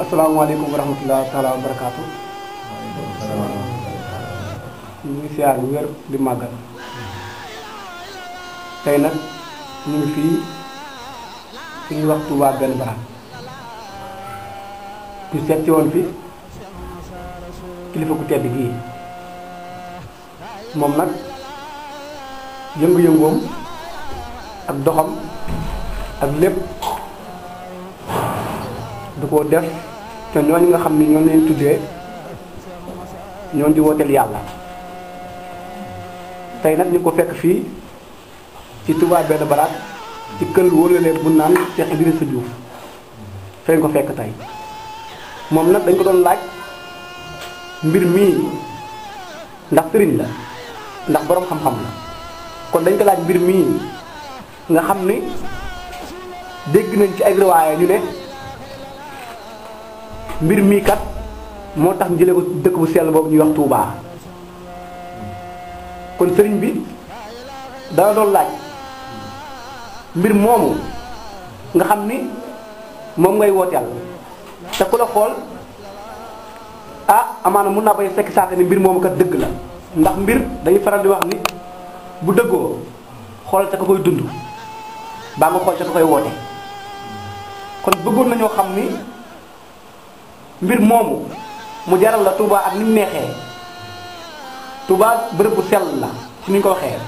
asalaamaaleykum wa rahmatulah taalaa wa barakaatu. ñu ngi siyaar wér di màggal. tey nag ñu ngi fii fi ñuy wax Touba benn barab. ñu seet ci woon fi kilifa ku tedd gii moom nag yëngu-yëngoom ak doxam ak lépp du ko def. te ñooñu nga xam ni ñoo leen tuddee ñoon ci wooteel yàlla tey nag ñu ko fekk fii ci Touba benn baraat ci kër wóolale bu naan Cheikh Idrissa Diouf feeñ ko fekk tey moom nag dañ ko doon laaj mbir mii ndax sëriñ la ndax boroom xam-xam la kon dañ ko laaj mbir mii nga xam ni dégg nañ ci ay riwaaya ñu ne mbir mi kat moo tax jëlee ko dëkk bu sell boobu ñuy wax Touba kon sëriñ bi dana doon laaj mbir moomu nga xam ni moom ngay wooteel te ku la xool ah amaana mun naa bay fekk ni mbir moomu kat dëgg la ndax mbir dañuy faral di wax ni bu dëggoo xoolal ca koy dund baa nga xool ca koy woote kon bëggoon nañoo xam mbir moomu mu jaral la Touba ak ni mu neexee Touba bërëb bu sell la ci ni ñu ko waxee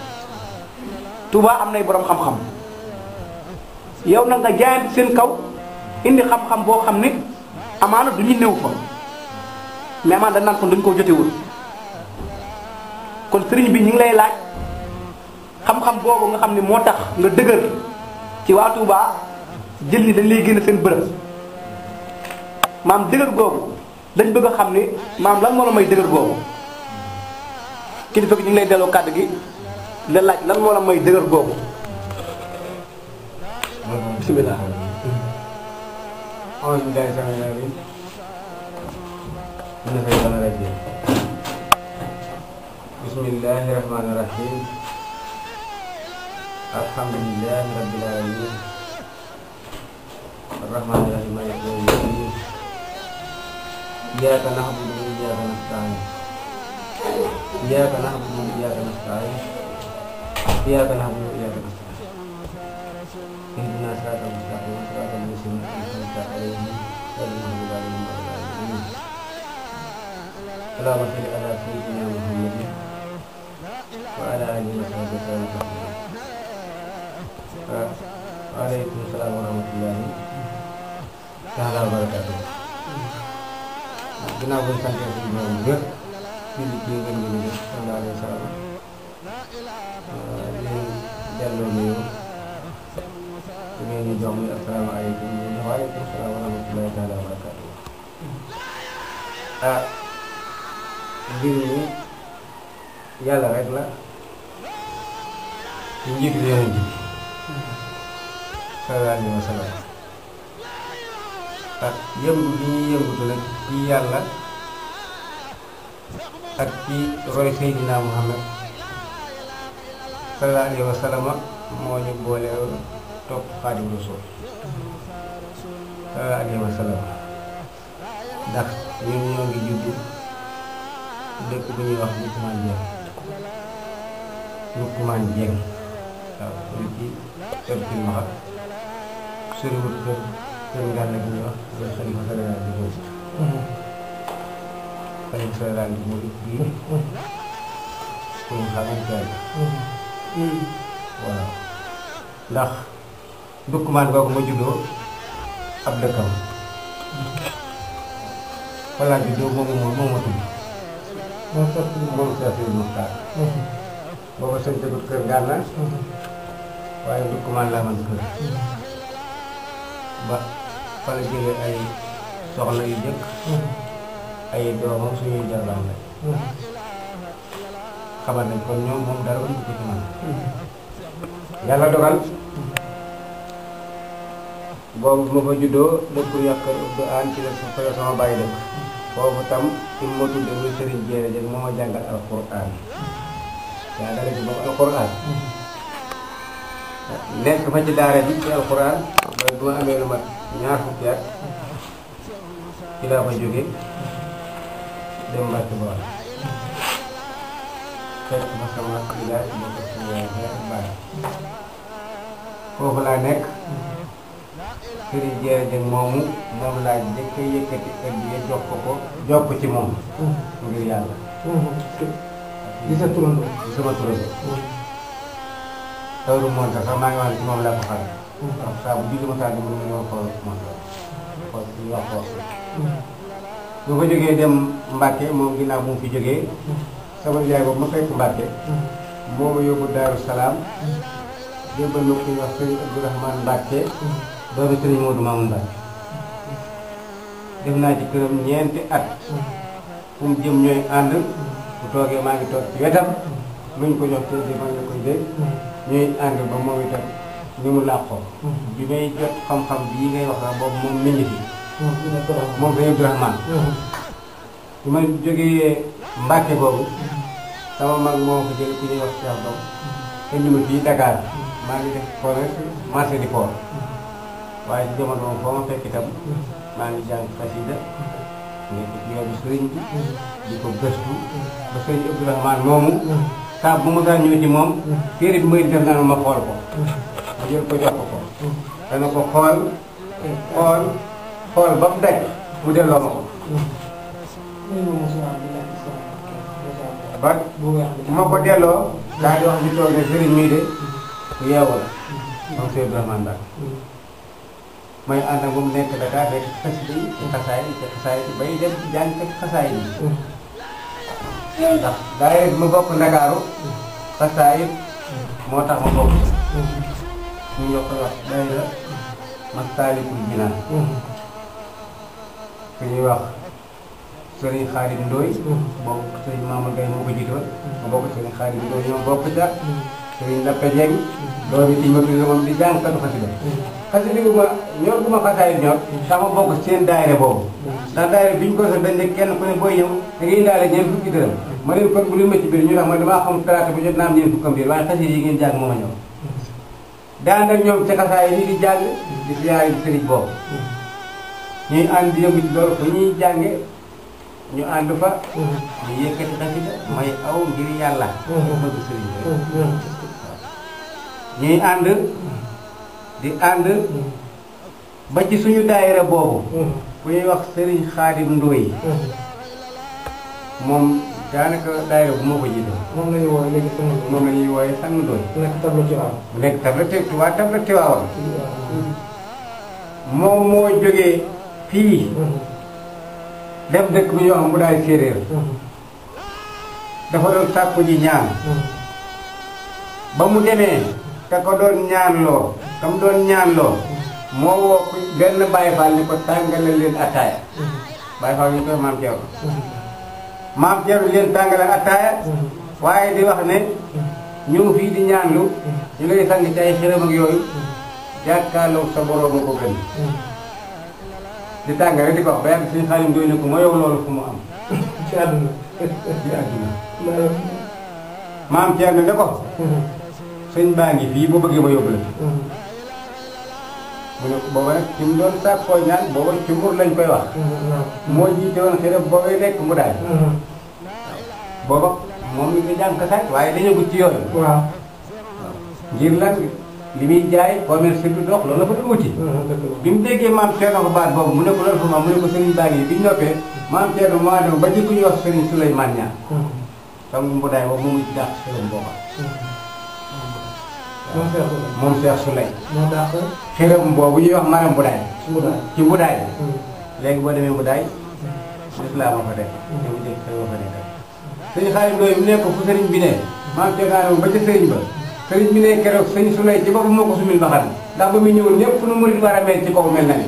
Touba am nay borom xam-xam yow nag nga jaayam seen kaw indi xam-xam boo xam ne amaana du ñu néew fa mais amaana dañ naan kon dañu koo jotewul kon sëriñ bi ñu ngi lay laaj xam-xam boobu nga xam ne moo tax nga dëgër ci waa Touba jël ni dañ lay génn seen bërëb. maam dëgër gog dañ bëgg xamni mam maam lan mo la may dëgër ki kilifa gi ñu lay delloo kaddu gi la laaj lan mo la may dëgër bismillah أعوذ بالله السميع العليم من ñu fay bismillahirrahmanirrahim alhamdulillahirabbil alamin Ya na'budu wa iyaka nasta'in. Iyaka Ya wa iyaka nasta'in. Iyaka na'budu Ya iyaka nasta'in. Inna sirata mustaqim sirata mustaqim mustaqim sirata mustaqim sirata mustaqim sirata mustaqim sirata mustaqim sirata mustaqim sirata mustaqim sirata mustaqim sirata mustaqim sirata mustaqim sirata mustaqim sirata mustaqim sirata ginnaaw ba ñu sant ak ñoom ñëpp ñu ngi ciy gën di nuyu sallallahu alayhi wa sallam di delloo nuyu di nuyu ñu jox muy asalaamaaleykum waaleykum salaam wa rahmatullahi taala wa barakatuh ah mbir mi yàlla rek la ci njiitu yonent bi sallallahu alayhi wa sallam ak yëngu bi ñuy yëngutu nag ci yàlla ak ci roy Seydina Muhammad sallallahu alayhi wa sallam moo ñu boole topp Xaadimu Rasuul sallallahu alayhi wa sallam ndax ñun ñoo ngi judd dëkk bu ñuy wax Lukman Dieng Lukman Dieng waaw ñu ci kër Kilmaxa soriwut kër sëñ Gana gi ñuy wax mooy xalifa général bi mooy. xalifa général bi waaw ndax ndukkumaan googu ma juddoo ab dëkkam. voilà juddoo moomu moom moom sax si Muxtaar. booba sëñ kër Gana. waaye ndukkumaan laa man kër. fa la ay soxna yu ay doomam suñuy jarbaam la xamal nañ kon ñoom moom dara ëmb ko ci man yàlla dogal boobu ma fa juddoo dëkku yàq du aan ci fa sama bàyyi dëkk foofu tam ci ma tudde muy sëriñ jéere jëg moo ma jàngal alquran yaa dara ci boobu alquran nekk fa ci daara bi ci alxuraan ba du ma amee lu mat ñaar fukki ci laa fa jóge dem Mbàkke Bawol foofu laa nekk sëriñ jeere jëng moomu moom laa jëkk yëkkati ak bi jox ko ko ci moom mm-hmm. ngir yàlla mm-hmm. di sa turandoo di sama turandoo tawru monta sax maa ngi wax ne moom laa ko xamee. waaw saa bu julli ma saa dugg ñu war ko monta kon ñu ko. jógee dem Mbacke moom ginnaaw bu mu fi jógee. sama njaay boobu ma fekk Mbacke. moo yóbbu Daaru Salaam. jébbal ma ku ñuy wax sëriñ Abdourahmane Mbacke. naa ci këram ñeenti at. fu mu jëm ñooy ànd. bu toogee maa ngi toog ci wetam. luñ ko jox tey maa ngi koy dégg. ñuy ànd ba moom itam ni mu làqoo mm-hmm. bi may jot xam-xam bii ngay wax la moom mi ngi fi mm-hmm. moom sëñ Abdourahmane mm-hmm. bi ma jógee Mbàkke boobu sama mag moo ko jël ku ñuy wax Cheikh Dow indi ma fii Dakar maa ngi def commerce marché di port maa ngi jàng xasida di ko gëstu ba sëriñ Abdourahmane moomu saa bu ma saa ñëw ci moom téere bi may def naan ma xool ko ma jël ko jox ko ko xool xool xool ba mu daj mu delloo ma ko ba bu ma ko delloo daa di wax toog ne sëriñ mii de ku yeewu la moom sëriñ Ibrahima Ndar mooy ànd ak mu nekk Dakar rek xas bi ci xasaay ci xasaay bay dem jàng ci ndax daay mu bokk Ndakaaru fasaa moo tax ma bokk ñu ñoo koy wax day la Masaalikul Jinaan ku ñuy wax sëriñ Xaadim Ndooy bokk sëriñ Maama Gay moo ko jiitoon mu bokk sëriñ Xaadim Ndooy ñoom bokk ca sëriñ Lappa Jeng doomi ci ma moom di jàngkatu xasida parce que diggu ma ñor bu ma xasaay ñor sama bokk seen daayira boobu ndax daayira bi ñu kenn ku ne booy ñëw da ngay indaale ñeent fukki dërëm ma leen kon bu leen ma ñu ànd yëngu may aw ngir yàlla mm-hmm. bëgg sëriñ di ànd ba ci suñu daayira boobu mm. ku ñuy wax Serigne Khadim Ndoye mm. moom daanaka daayira bu moo ko jiite moom la ñuy wooye léegi sang moom la ñuy wooye sang Ndoye nekk nekk tabla moom moo jógee fii mm. dem dëkk bu ñuy wax Mboudaay Séeréer dafa doon sàkku ji ñaan ba mu demee te ko doon ñaan loo kam doon ñaan lool moo woo benn Baye Fall ni ko tàngalal leen ataaya Baye Fall ñu koy maam Thierno maam Thierno leen tàngalal ataaya waaye di wax ne ñu fii di ñaanlu ñu lay sang ci ay xërëm ak yooyu jàkkaarloo sa borom ko gën di tàngal rek di ko wax ba yàgg suñu xaalim ma yow loolu fu mu am ci àdduna ci àdduna ko mm-hmm. sëñ baa ngi fii boo bëggee yóbbu la mu ne booba nag ci mu lañ koy wa mm-hmm, mm-hmm. moo jiite woon xëy na boobay lekk mu daal. waaw mm-hmm. moom it ñu jàng sax waaye dañoo gudd ci yoon. waaw ngir lan li muy jaay commerce la fa dugg ci. bi mu déggee maam Thierno baat boobu mu ne ko loolu fa maam mu ne ko sëriñ baa ngi bi ñu noppee maam Thierno moo dem ba njëkk ñu wax sëriñ Souleymane Niang. donc mu daay boobu mu ngi dàq sëriñ mon père soleil mon père Souley moo dàq xiram wax maram bu daay ci bu daay bo boo demee def la lislaam fa def damu jël xëwa fa nekk sëñ xaalim doy mu nekk fu sëriñ bi ne maam ceekaanam ba ci sëriñ ba sëriñ bi ne kéro sëñ soleil ci bobu moko sumil baxal da ba mi ñëw ñepp nu murit wara mel ci ko mel na ni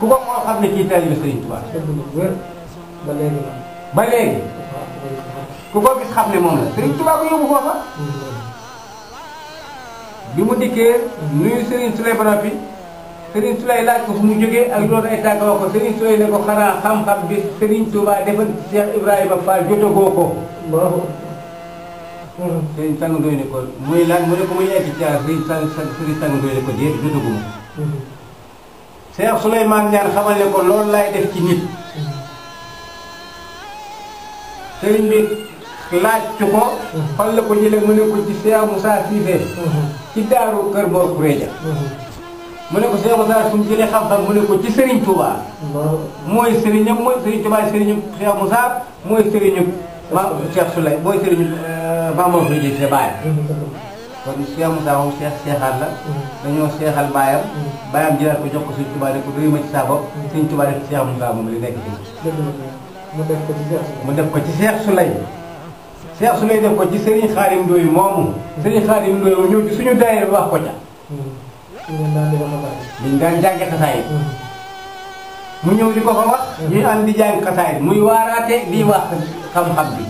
ku ko mo xamni ci kii bi sëriñ tuba ba légui ba légui ku ko gis xamni mom la sëriñ tuba ko yóbbu foofa bi mu dikkee nuyu Serigne Souley ba noppi mu jógee ak doon ay tàgg wax ko Serigne Souley ne ko xanaa xam-xam bi Serigne Touba defal ci Cheikh Ibrahima Fall jotagoo ko. waaw. Hmm, Serigne Sang ko muy lan mu ne ko muy egg ca Serigne Sang Serigne Sang doy ne ko déet jotaguma. Hmm. Cheikh Souleymane ñaan xamal ne ko loolu laay def ci nit. Serigne bi laaj ci ko. Hmm. la ko jëlee mu ne ko ci Cheikh Moussa Cissé. ci daaru kër Mor Kuréja mu ne ko Cheikh Moussa suñu jëlee xam-xam mu ne ko ci Serigne Touba. mooy Serigne mooy Serigne Touba Serigne Cheikh mooy Serigne ma mooy Serigne euh, Mamadou Fidji sa baay. kon Cheikh Moussa moom Cheikh Cheikhaat la. dañoo Cheikhal baayam. ko jox ko Serigne Touba def ko doy ma ci sa bopp. Serigne Touba ko Cheikh Moussa moom li nekk mu def ko ci Cheikh Souley mu def ko ci Cheikh Souley. Cheikh Souley def ko ci Serigne Khadim Ndoye moomu. Serigne Khadim Ndoye mu ñëw ci suñu daayira wax ko ca. liñ daan jànge xasaay mu ñëw di ko fa wax. ñuy ànd di jàng xasaay muy waaraate di wax xam-xam bi.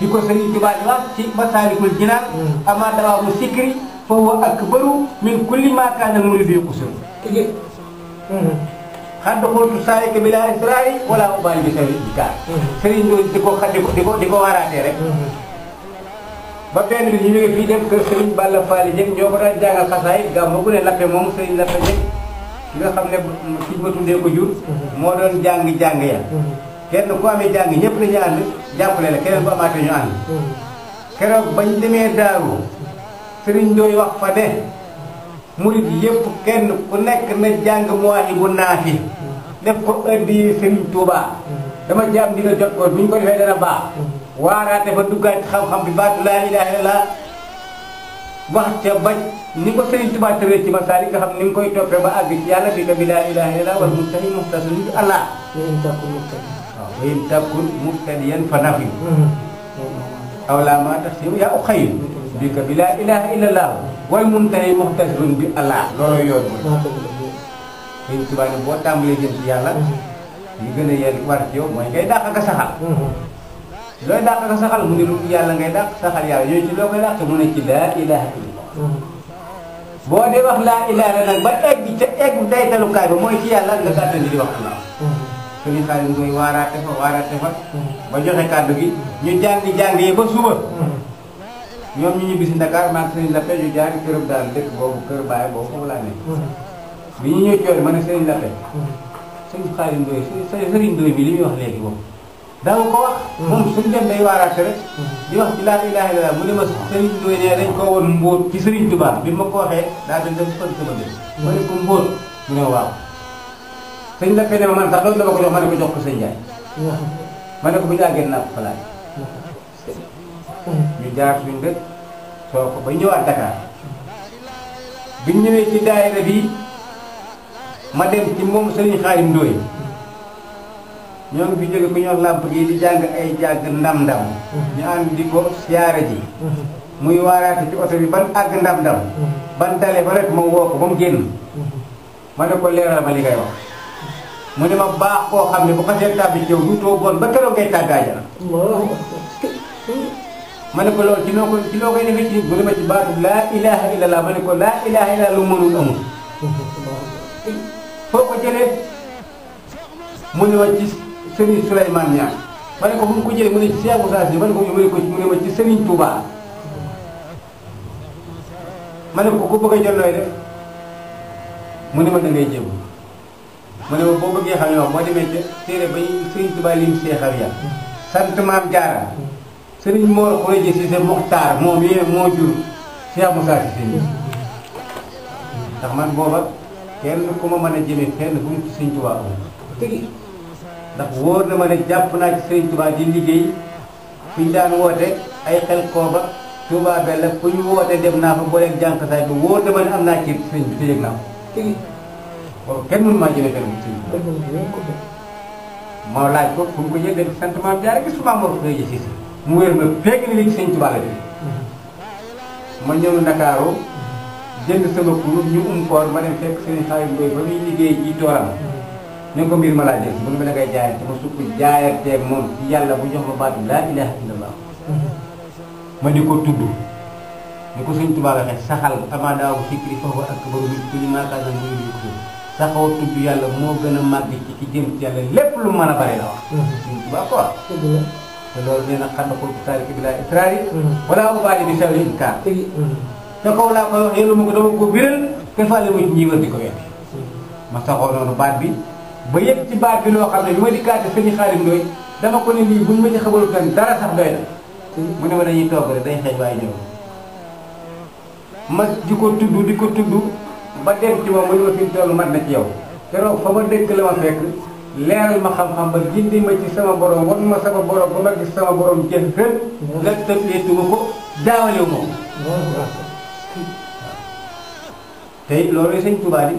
di ko Serigne wax ci Masaalikul Jinaan. amaa dawaa mu sikri fa huwa akbaru min kulli maa kaana muriidu hadde holto sayi ko bila israri wala o mbawi mi sawi kar sëriñ ɗo diko diko diko rek ba ɓen ɗo yimɓe fi ɗen ko sëriñ balla faali jeng jogotan jagal kasayit gam moɓɓune lappe moom sëriñ lappe jeng nga xam ne fijmatunde ko jur moo doon jàng jàng ya kenn ku amee jàng ñëpp dañu ànd jàppale la keneen bu amaatee ñu keroog bañ demee daaru sëriñ dooy wax fa ne murit yépp kenn ku nekk na jàng Mawahibou Nafih def ko ëddi Serigne Touba dama jàpp di jot ko bu ñu ko defee dana baax waaraate fa duggaat xam-xam bi baatu laa ilaaha illallaah wax ca ba ni ko Serigne Touba tëree ci masaal yi xam ni nga koy toppee ba àgg ci yàlla bi ka bi laa ilaaha illallaah wal muhtadi muhtasun bi Allah wa in takun muhtadiyan fa nafi mm-hmm. aw laa maa tax si yaa u xayr mm-hmm. bi ka bi laa ilaaha illallaah boy mun tay tane muxtas luñ bi ala loolu yoon ma ñu tuba ni bo tàmbalee jëm ci yalla ñu gëna yel war ci yow moy ngay dakk ak saxal mm-hmm. loy dakk ak saxal mu ni lu yalla ngay dakk saxal yalla yoy ci lokay dakk mu ne ci la ilaha illallah bo di wax la ilaha nak ba egg ci egg day talu kay ba moy ci yalla nga ni di wax la allah ni Xaadim mooy waaraate fa waaraate fa ba joxe kaddu gi ñu jang jang jàngi ba suba ñoom ñu ñibbi si Dakar maa ngi sëriñ Lappe yu jaar kër daal dëkk boobu kër baay boobu foofu laa nekk. Mm-hmm. bi ñu ñëw coole ma ne sëriñ Lappe. sëñ Xaadim Ndoye sëriñ Ndoye bi ko mm-hmm. mm-hmm. ci laa ilaaha illallaah bi ma ko waxee daa doon dem fan ma ne ko mbóot mu ne waaw. sëñ Lappe ne ma man sax loolu la ma ko jox ma ne ko jox ko sëñ Njaay. ma ne ko bu ñu àggee naa ko ñu jaar so dëkk soo ko ba ñëwaat Dakar bi ñëwee ci daayira bi ma dem ci moom sëriñ Xaalim Ndooy ñoo ngi fi jóge ku gi di jàng ay jàng ndam ndam ñu di ko siyaare ji muy waaraate ci oto bi ban àgg ndam ndam ban dale ba rek ma woo ko ba mu génn ma ne ko leeral ma li ngay wax mu ne ma baax koo xam ne bu xasee tàbbi ci yow du too bon ba keroog ngay tàggaa ma ne ko loolu ci noo koy ci loo koy defee ci nit bu demee ci baatu laa ilaha illallah ma ne laa ilaha illallah lu mënul amul. foo ko jëlee mu ne ma ci Serigne Souleymane Niang ma ne ko fu mu ko jëlee mu ne ci Cheikh Moussa Sy ma ne ko mu ne ko mu ne ko ku bëgg a jot nooy mu ne ma da ngay mu ne ma boo bëggee xam moo moom boo demee ca téere ba Serigne Touba sant maam Jaara sëriñ Mor Boye Diassy de Mokhtar moom yee moo jur Cheikh Moussa Cissé mi ndax man booba kenn ku ma mën a jëme fenn fu mu ci sëriñ Tuubaa tëgi ndax wóor na ma ne jàpp naa ci sëriñ Tuubaa di liggéey fu ñu daan woote ay xel kooba Tuubaa bella fu ñu woote dem naa fa booleeg jànq saay bi wóor na ma ne am naa ci sëriñ bi te yëg naa ko tëgi boobu kenn mënu maa jëme fenn fu ci sëriñ Tuubaa moo laaj ko fu mu ko yëg sant maam jaare gi su Mor Boye Diassy mu wér ma fekk ni li ci sëñ bi ma ñëw Ndakaaru jënd sama ñu um koor ma dem fekk sëñ Xaadim Mbay ba muy liggéey ji toolam ñu ko mbir ma laa jël mu ne ma yàlla bu jox ma baatu laa ma di ko tudd ñu ko sëñ Tuubaa waxee saxal amaanaawu sikri foofu ak ba mu ku ñu maakaana mu ñu ko saxoo tudd yàlla moo gën a màgg ci ki jëm ci yàlla lépp lu mën a bare la wax mm-hmm. sëñ Tuubaa quoi te loolu nee na xam na xulbu taaliki bi laa itraari wala ubaali bi saw in kaar te kaw laa koy wax yéen mu ko dama ko biral te fàlle mu ñi ma bi ba yëg ci baat bi loo xam ne bi ma di kaate sëñ xaarim doy dama ko ne lii buñ ma ci xabalu tan dara sax doy na mu ne ma dañuy toog rek dañ xeeñ waaye ñëw ma di ko tudd di ko tudd ba dem ci moom ba ñu ma fi toll mat na ci yow te roog fa ma dëkk la ma fekk leeral ma xam-xam ba gindi ma ci sama borom wan ma sama borom ba ma gis sama borom jën gën nga tëbleetu ma ko jaawale wu ma te it loolu sëñ Tuubaa di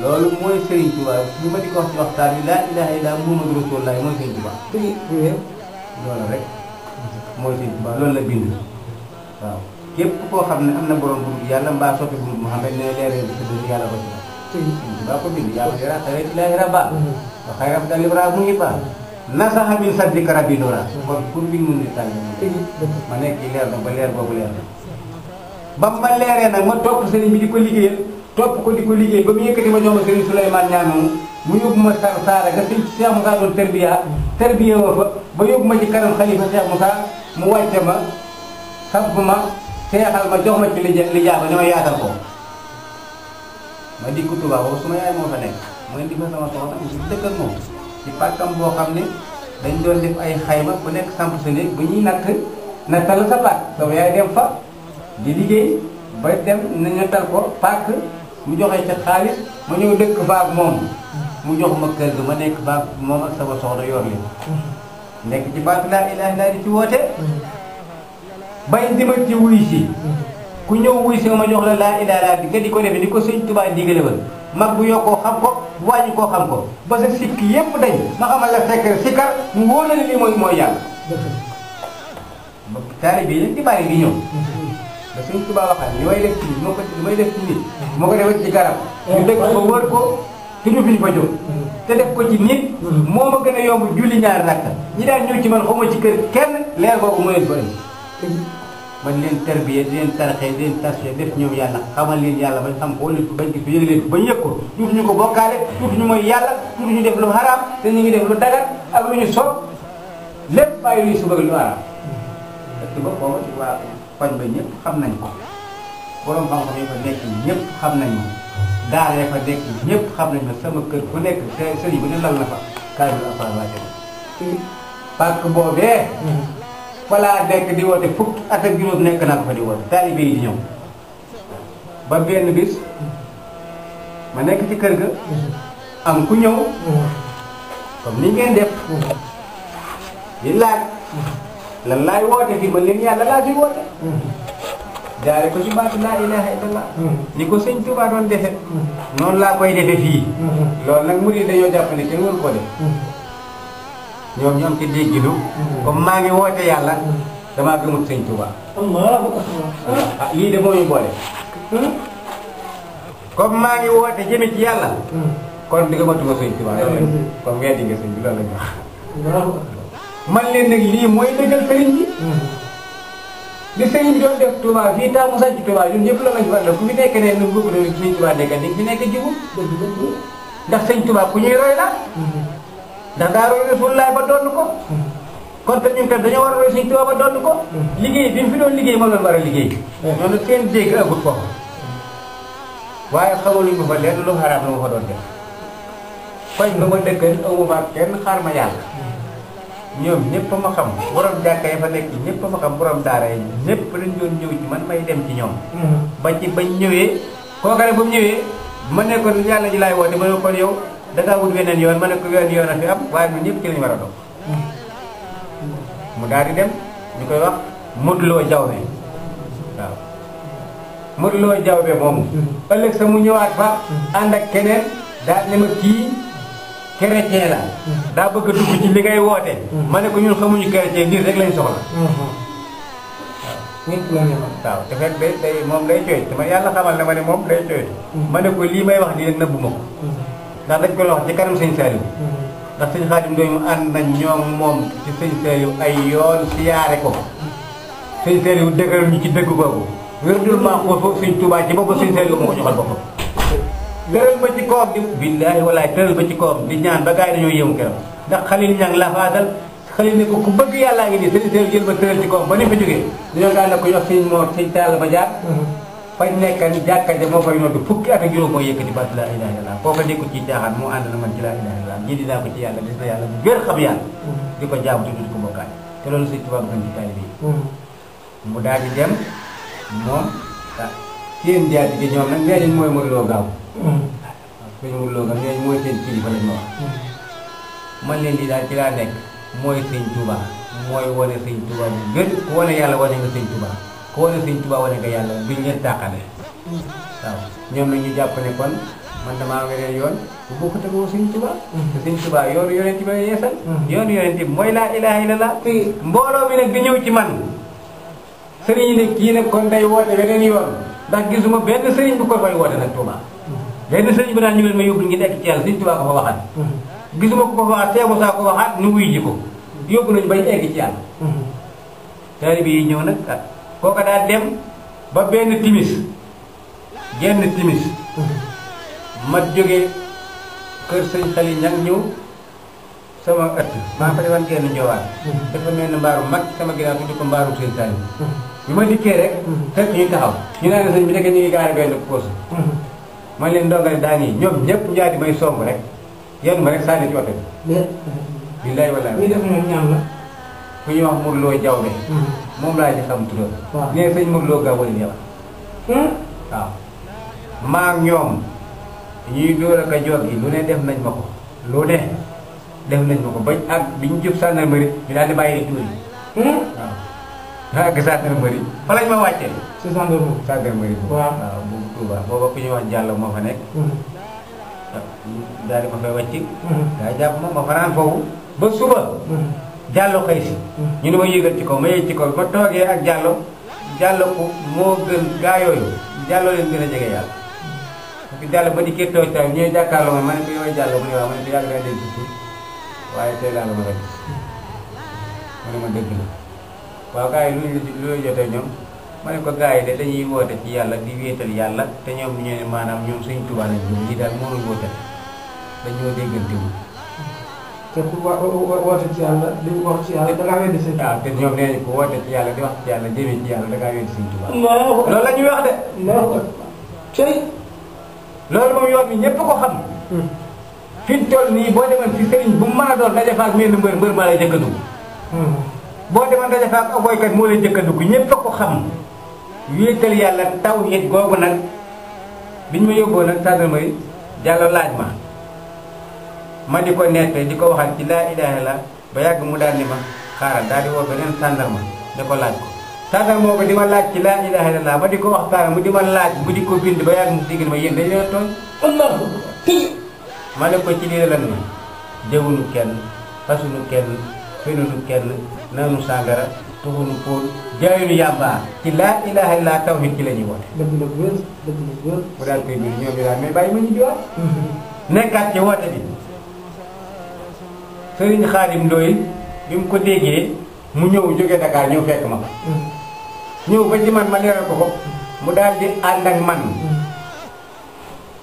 loolu mooy sëriñ Tuubaa lu ma di ko wax ci mooy sëñ Tuubaa loolu rek mooy la waaw képp koo xam ne am na borom bu yàlla mbaa soppi bu Muhammad ne leeral bi sa dund yàlla ko ci daa ko bind yaa ma nekk ci leer ba leer boobu leer na ba ma leeree nag ma topp sëriñ bi di ko liggéeyal ko di ko liggéey ba mu yëkkati ma ñooma sëriñ Souleymane ñaanoonu mu yóbbu ma sar saara ga sëñ Cheikh Moussa doon terbiya terbiya ma fa ba yóbbu ma ci mu wàcce ma jox ma ci li jaaba ne ma ko ma di ko Touba boobu suma yaay moo fa nekk ma indi fa sama soxna mu dëkk boo xam ne dañ doon def ay xayma ku nekk samp sa néeg bu ñuy na nattal sa paak sama yaay dem fa di liggéey ba dem na nattal ko paak mu joxe ca xaalis ma ñëw dëkk fa moom mu jox ma kër ga ma nekk fa moom ak sama soxna yor li nekk ci baatu laa ilaaha illallaah di ci woote mm. bay di ma wuy si mm. ku ñëw wuy si ma jox la laa ilaaha bi nga di ko defee di ko sëñ Tuubaa digale woon mag bu yokkoo xam ko bu koo xam ko ba sa sikk yépp dañ ma xamal la sekk sikkar mu wóor na ne lii mooy mooy yàlla taalibe yi di bàyyi di ñëw da li may def ci nit moo ko li may def ci nit moo ko defal ci garab ko wër ko te ñu fiñ ko jóg te def ko ci nit moo ma gën a yomb julli ñaar rakka ñi daan ñëw ci man xaw ma ci kenn leer boobu mëneen ko indi bañ leen terbiye di leen taraxee di leen tasee def ñoom yàlla xamal leen yàlla bañ xam ko leen ko bañ gis yëg leen ko bañ yëg ko tuuti ñu ko bokkaale tuuti ñu mooy yàlla tuuti ñu def lu haram te ñu ngi def lu dagat ak lu ñu soob lépp bàyyi luy suba lu haram dëkk ba booba ci waa koñ ba ñëpp xam nañ ko borom xam-xam yi fa nekk ñëpp xam nañ ko daara ya fa nekk ñëpp xam nañ ma sama kër ku nekk sëriñ bu ne lal na fa kaay bi la fa laajte parc boobee falaa dekk di woote fukki at ak juróom nekk naa ko fa di woote di ñëw ba benn bis ma nekk ci kër ga am ku ñëw comme ni ngeen def di laaj lan laay woote fii ba leen yàlla laa fi woote jaare ko ci baatu laa ilaaha ni ko sëñ Tuubaa doon defe noonu laa koy defe fii loolu nag murid dañoo jàpp ne kenn waru ko def ñoom ñoom ci dégginu comme maa ngi woote yàlla damaa gëmut sëñ Tuubaa ah, ah lii de moo ñu boole hmm? comme maa ngi woote jëme ci yàlla hmm. kon di gëmatuma sëñ Tuubaa loolu hmm. comme weddi nga sëñ bi loolu lañu wax man leen nag lii mooy dëggal sëriñ bi li sëriñ bi doon def Touba fii taamu sàcc Touba ñun ñëpp la lañu war la ku fi nekk ne nu bëgg na sëñ Touba nekk di fi nekk jiwu ndax sëñ Touba ku ñuy la ndax daa roy Rasulullah ba doon ko hmm. kon te ñun kat dañoo war a roy Sëñ ba doon ko hmm. liggéey bi mu fi doon liggéey moom la war a liggéey noonu hmm. kenn dégg doon def koñ ba ma dëkkal ma yàlla ñoom ñëpp ma xam borom jàkka yi fa nekk ñëpp ma xam borom daara yi ñëpp lañ doon ñëw ci man may dem ci ñoom ba ci bañ ñëwee kooka rek ba mu ñëwee ma nekkoon yàlla ji laay woote ma ne kon yow dangaa wut weneen yoon ma ne ko yoon yoon a fi am waaye ñun mu daal dem ñu koy wax moduloo jawbe waaw moduloo jawbe moomu ëllëg sa mu ñëwaat fa ànd ak keneen daal ne ma kii chrétien la daa bëgg a dugg ci li ngay woote ma ne ko ñun xamuñu chrétien lii rek lañ soxla waaw te fekk day moom day cooy dama yàlla xamal na ma mm-hmm. ma ne ko lii wax ndax dañ ko wax ci kanam sëñ Saliou mm-hmm. ndax sëñ Xaadim doy mu ànd nañ ñoom moom ci sëñ Saliou ay yoon siyaare ko sëñ Saliou dëgëral ñu ci dëgg boobu wér dul baax ba ci koom di billaahi walaay tëral di ñaan ba gars yi dañoo ndax xalil ñang lafaatal xalil ne ko ku bëgg yàllaa ngi nii sëñ Saliou jël ba tëral ci koom ba ni fa jógee dañoo daan na ko jox sëñ Mor sëñ ba jaar fay nekk ni jàkka ja moo fay noddu fukki a ak juróom mooy yëkkati baat laa ilaaha illallaah kooka nekkul ci caaxaan moo ànd na man ci laa ilaaha illallaah ji ko ci yàlla des na yàlla bu gër xam yàlla mm-hmm. mm-hmm. mu daal di dem moom ah seen jaar bi ñoom nee nañ mooy Modou Lo Gaaw mm-hmm. suñu nee nañ mooy di daal ci laa nekk mooy sëñ Tuubaa mooy wane sëñ Tuubaa bu gën wane yàlla wane nga sëñ Tuubaa ku wane sëñ Tuubaa wane nga yàlla duñ leen tàqale waaw ñoom nag jàpp ne kon man damaa weree yoon bu bokkut ak moom sëñ Tuubaa te sëñ Tuubaa mooy laa ilaaha illallaah mbooloo mi nag di ñëw ci man sëriñ yi kii nag kon day woote beneen yoon ndax gisuma benn sëriñ bu ko fay woote nag Tuubaa benn sëriñ bu naan ñu leen ma yóbbu ngi nekk ci yàlla sëñ Tuubaa ko fa waxat gisuma ko ko fa waxat seebo saa ko waxaat nu wuy ji ko yóbbu nañu bay egg ci yàlla taalibe yi ñëw nag ah, kooka dem ba benn timis genn timis ma jógee kër sëñ xali ñang ñëw sama ëtt maa fa defoon genn njowaan dafa mel ni mbaaru mag sama ginnaaw tuddi ko mbaaru sëñ xali bi ma dikkee rek fekk ñu taxaw ñu naan sëñ bi nekk ñu ngi gaari benn poos man leen ndongali daan yi ñoom ñëpp njaati may somb rek yenn ma rek sànni ci oto billaay wallaay ku ñuy wax Modou Lo Diawbe. Mm-hmm. moom laa ci xam turam. nee sëñ Modou Lo Gawal ñëw. Hmm? waaw maa ak ñoom ñuy door ak a jog gi lu ne def nañ ma ko lu ne def nañ ma ko bañ ak bi ñu jub gendarmerie ñu daal di bàyyi tuur yi. Hmm? ma wàccee. si gendarmerie gendarmerie boobu. ku ñuy wax Diallo moo fa nekk. Hmm. daal di ma fay wàcc. daa jàpp moom ma fanaan foofu ba suba. jàllo xëy si ñu ni ma yégal ci kaw ma yéeg ci kaw ma toogee ak jàllo jàllo ko moo gën gaa yooyu jàllo leen gën a jege yàlla parce que jàllo ba di kee toog taw ñooy jàkkaarloo ma ma ne ko yooyu jàllo mu ne waaw ma ne yàgg naa dégg ci waaye yi lu ñu lu ma ne ko gaa yi de yàlla di wéetal yàlla te ñoom ñu maanaam ñoom suñ tubaab lañ ñoom ñii daal mënul woote dañoo déggante te ku wa woote ci yàlla wax ci yàlla da ngaa weddi sëñ. waaw ah, nee nañu ko di wax ci yàlla jëmee ci yàlla da ngaa weddi sëñ Tuubaa. loolu wax de. loolu tey. loolu moom yoon bi ñëpp ko xam. Hmm. fi mu nii boo demoon ci sëriñ bu mu mën a doon daje faak mel ni mbër mbër maa lay jëkk a dugg. Hmm. boo demoon daje faak ak boykat moo la jëkk a dugg ñëpp ko xam. wéetal yàlla taw yit googu nag biñ ma yóbboo nag tànn mooy jàll laaj ma. ma ni ko nette di ko waxal ci laa yàgg mu daal ni ma xaaral daal di woo beneen tàndarma di ko laaj ko tàndarma boobu di ma laaj ci laa ilaaha ma di ko waxtaan mu di ma laaj mu di ko bind ba mu digg ma yéen dañu leen tooñ allahu ma ne ko ci lii lan ma nu kenn fasunu kenn fenunu kenn nanu sàngara tuxunu póol jaayunu yàmbaa ci laa ilaaha illa la ci la ñuy woote dëgg la wér dëgg la wér mu daal koy bind ma ñu di wax sëriñ xaadim ndooy bi mu ko déggee mu ñëw jóge Dakar ñëw fekk ma ñëw ba man ma leeral ko ko mu daal di ànd ak man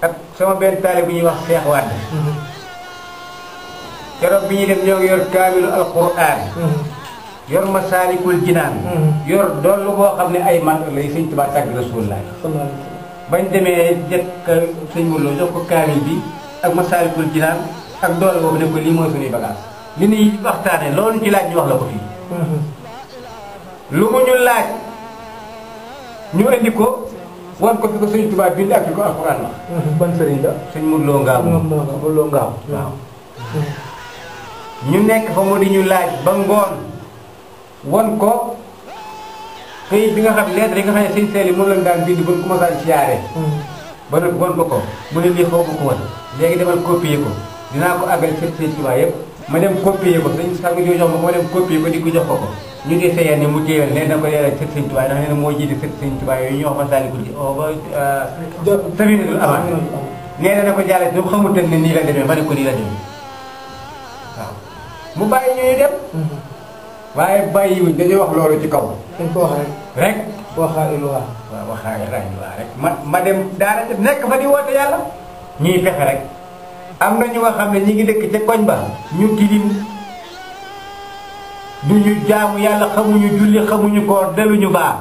ak sama benn taale bu ñuy wax Seex Wàdd keroog bi ñuy dem ñoo ngi yor kaamilu alquran yor masaalikul jinaan yor doolu boo xam ne ay mantal lay sëñ Tuubaa tàgg Rasulullah bañ demee jëkk sëñ Mawlo jox ko kaamil bi ak masaalikul jinaan ak doole boobu ne ko lii mooy suñuy bagage li ñuy waxtaane loolu ci laaj ñu wax la ko lu mu ñu laaj ñu ko wan ko fi ko tubaab Tuubaa ak fi ko alxuraan la ban sëriñ la sëñ Modou Lo ñu nekk mu di ñu ba ngoon wan bi nga xam lettre yi nga xam ne sëñ yi moom lañ daan bind ba siyaare hmm. ba nag wan ko ko mu ne lii xaw ma ko wan léegi demal copier ko dinaa ko àggal ci ci Tuubaa yëpp ma dem copier ko dañ sàng jox ma ko dem copier ko di ko jox ko ko ñu di seyal ne mu téyal nee na ko leeral ci Sëñ Tuubaa ndax nee na moo oh, euh, na ko jàlle si xamul ne nii la demee ma ne ko nii demee waaw mu bàyyi ñuy dem waaye bàyyiwuñ dañuy wax loolu ci kaw dañ ko wax rek rek waxaa ilu waa waaw waxaa ilu waa rek ma ma dem daara nekk fa di woote yàlla ñuy fexe rek am na ñu nga xam ne ñi ngi dëkk ca koñ ba ñu tilim duñu jaamu yàlla xamuñu julli xamuñu koor deluñu baax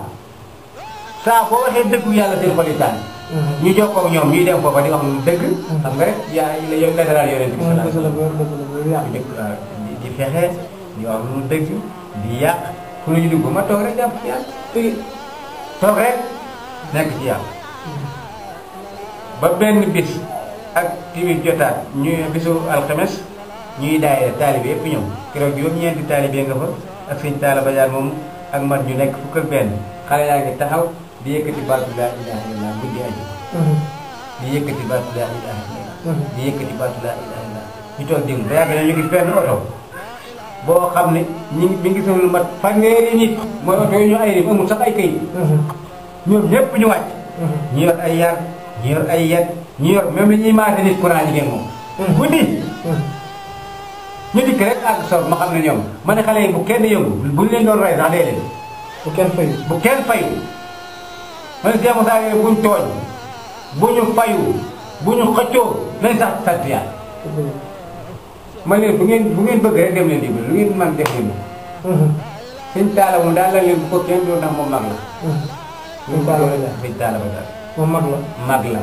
saa boo waxee dëggu yàlla seen xol yi tànn mm-hmm. ñu jokkoo ñoom ñuy dem foofa di wax lu dëgg mm-hmm. xam nga rek yaa la yow nga daal yonent bi sallallahu mm-hmm. ah, di fexe di wax lu dëgg di yàq ku ñu dugg ma toog rek jàpp ci yàlla toog rek nekk ci yàlla ba benn bis ak timit jotaat ñu bisu alxames ñuy daayira taalibe yëpp ñëw keroog juróom-ñeenti taalibe nga fa ak sëñ taala bajaar ak mat ñu nekk fukk ak benn xale taxaw di yëkkati baatu laa di yëkkati baatu toog déglu ba yàgg na ñu gis benn oto boo xam ne ñu mi ngi solu mat fanweeri nit mooy oto yi ñu ay rib amul sax ay këyit mhm. ñoom ñëpp ñu wàcc mhm. ñu yor ay yar ñu yor ay yet ñor yor même ñi maati nit courant ñi bu di ñu di rek ak sol ma xamne ñom man xalé bu kenn yëngu bu leen doon ray sax dé leen bu kenn fay bu kenn fay man dia mo yoy buñ toñ buñu fayu buñu xëccu nañ sax tabiya hmm. man bu ngeen bu ngeen bëgg rek dem leen di bu ngeen man def leen hmm. señ taala mo daal leen ko kenn do na mo mag la hmm. ñu taala ba dal taala ba dal mo mag la mag la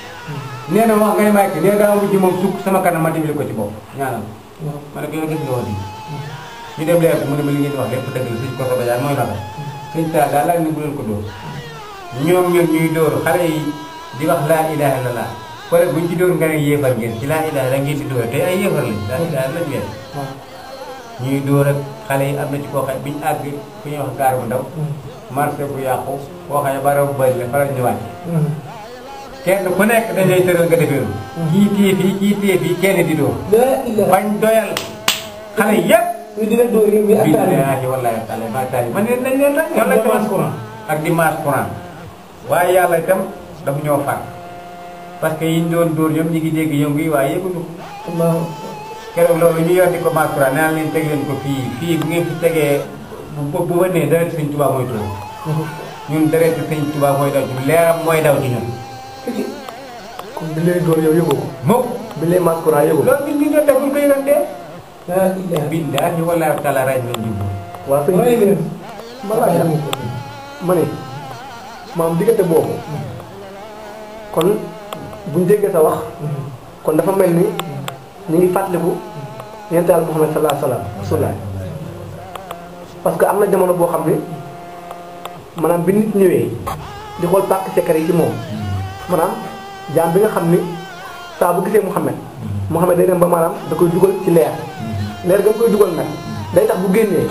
nee na wax nga ne maa ngi ci nee daa mujj moom tukk sama kanam ma dimbali ko ci bopp ñaanal ma ne ko yow gis nga wax di ñu dem leer mu ne ma li ngeen wax lépp dëgg la suñ ko soobee daal mooy naka suñ taal daal laa ne bu leen ko dóor ñoom ñoom ñuy dóor xale yi di wax laa ilaha illallah pare buñ ci dóor nga ne yéefar ngeen ci laa ilaha la ngeen di dóor te ay yéefar lañ laa ilaha lañ ngeen ñuy dóor ak xale yi am na ci koo xam biñu àgg fu ñuy wax gaar bu ndaw mm. marché bu yàqu koo xam ne bara bu bëri la faral ñu wàcc kenn ku nekk dañ lay tëral nga defee kii téye fii kii téye fii kenn di dóor. bañ doyal xale yëpp. ñu dina dóor yi muy attaale billaahi wallaahi taala ma taali man de nañ leen nag. yow la dimanche courant ak dimanche courant. waaye yàlla itam dafa ñoo far parce que yiñ doon dóor ñoom ñi ngi dégg yëngu yi waaye yëguñu ko. keroog loolu ñu yor di ko maas courant nee naa leen teg leen ko fii fii bu ngeen fi tegee bu bu wënee deret Sëñ Tuubaa mooy dóor. Mhm. ñun deret Sëñ Tuubaa daw ci leeram bile door yow yego mo bile ma ko ra yego lo bindi do def ko yeren de la ilaha billahi wala taala raj min jibu wa ko ni mala ya mané mam digëté bobu kon buñ déggé sa wax kon dafa melni ñi ngi fatlikou yental muhammad sallallahu alaihi wasallam rasulullah parce que amna jamono bo xamné manam bi nit ñëwé di xol pak secret ci mom manam jaam bi nga xam ni saa bu gisee Mouhamed Mouhamed day dem ba maanaam da koy dugal ci leer leer ga koy dugal nag day tax bu génnee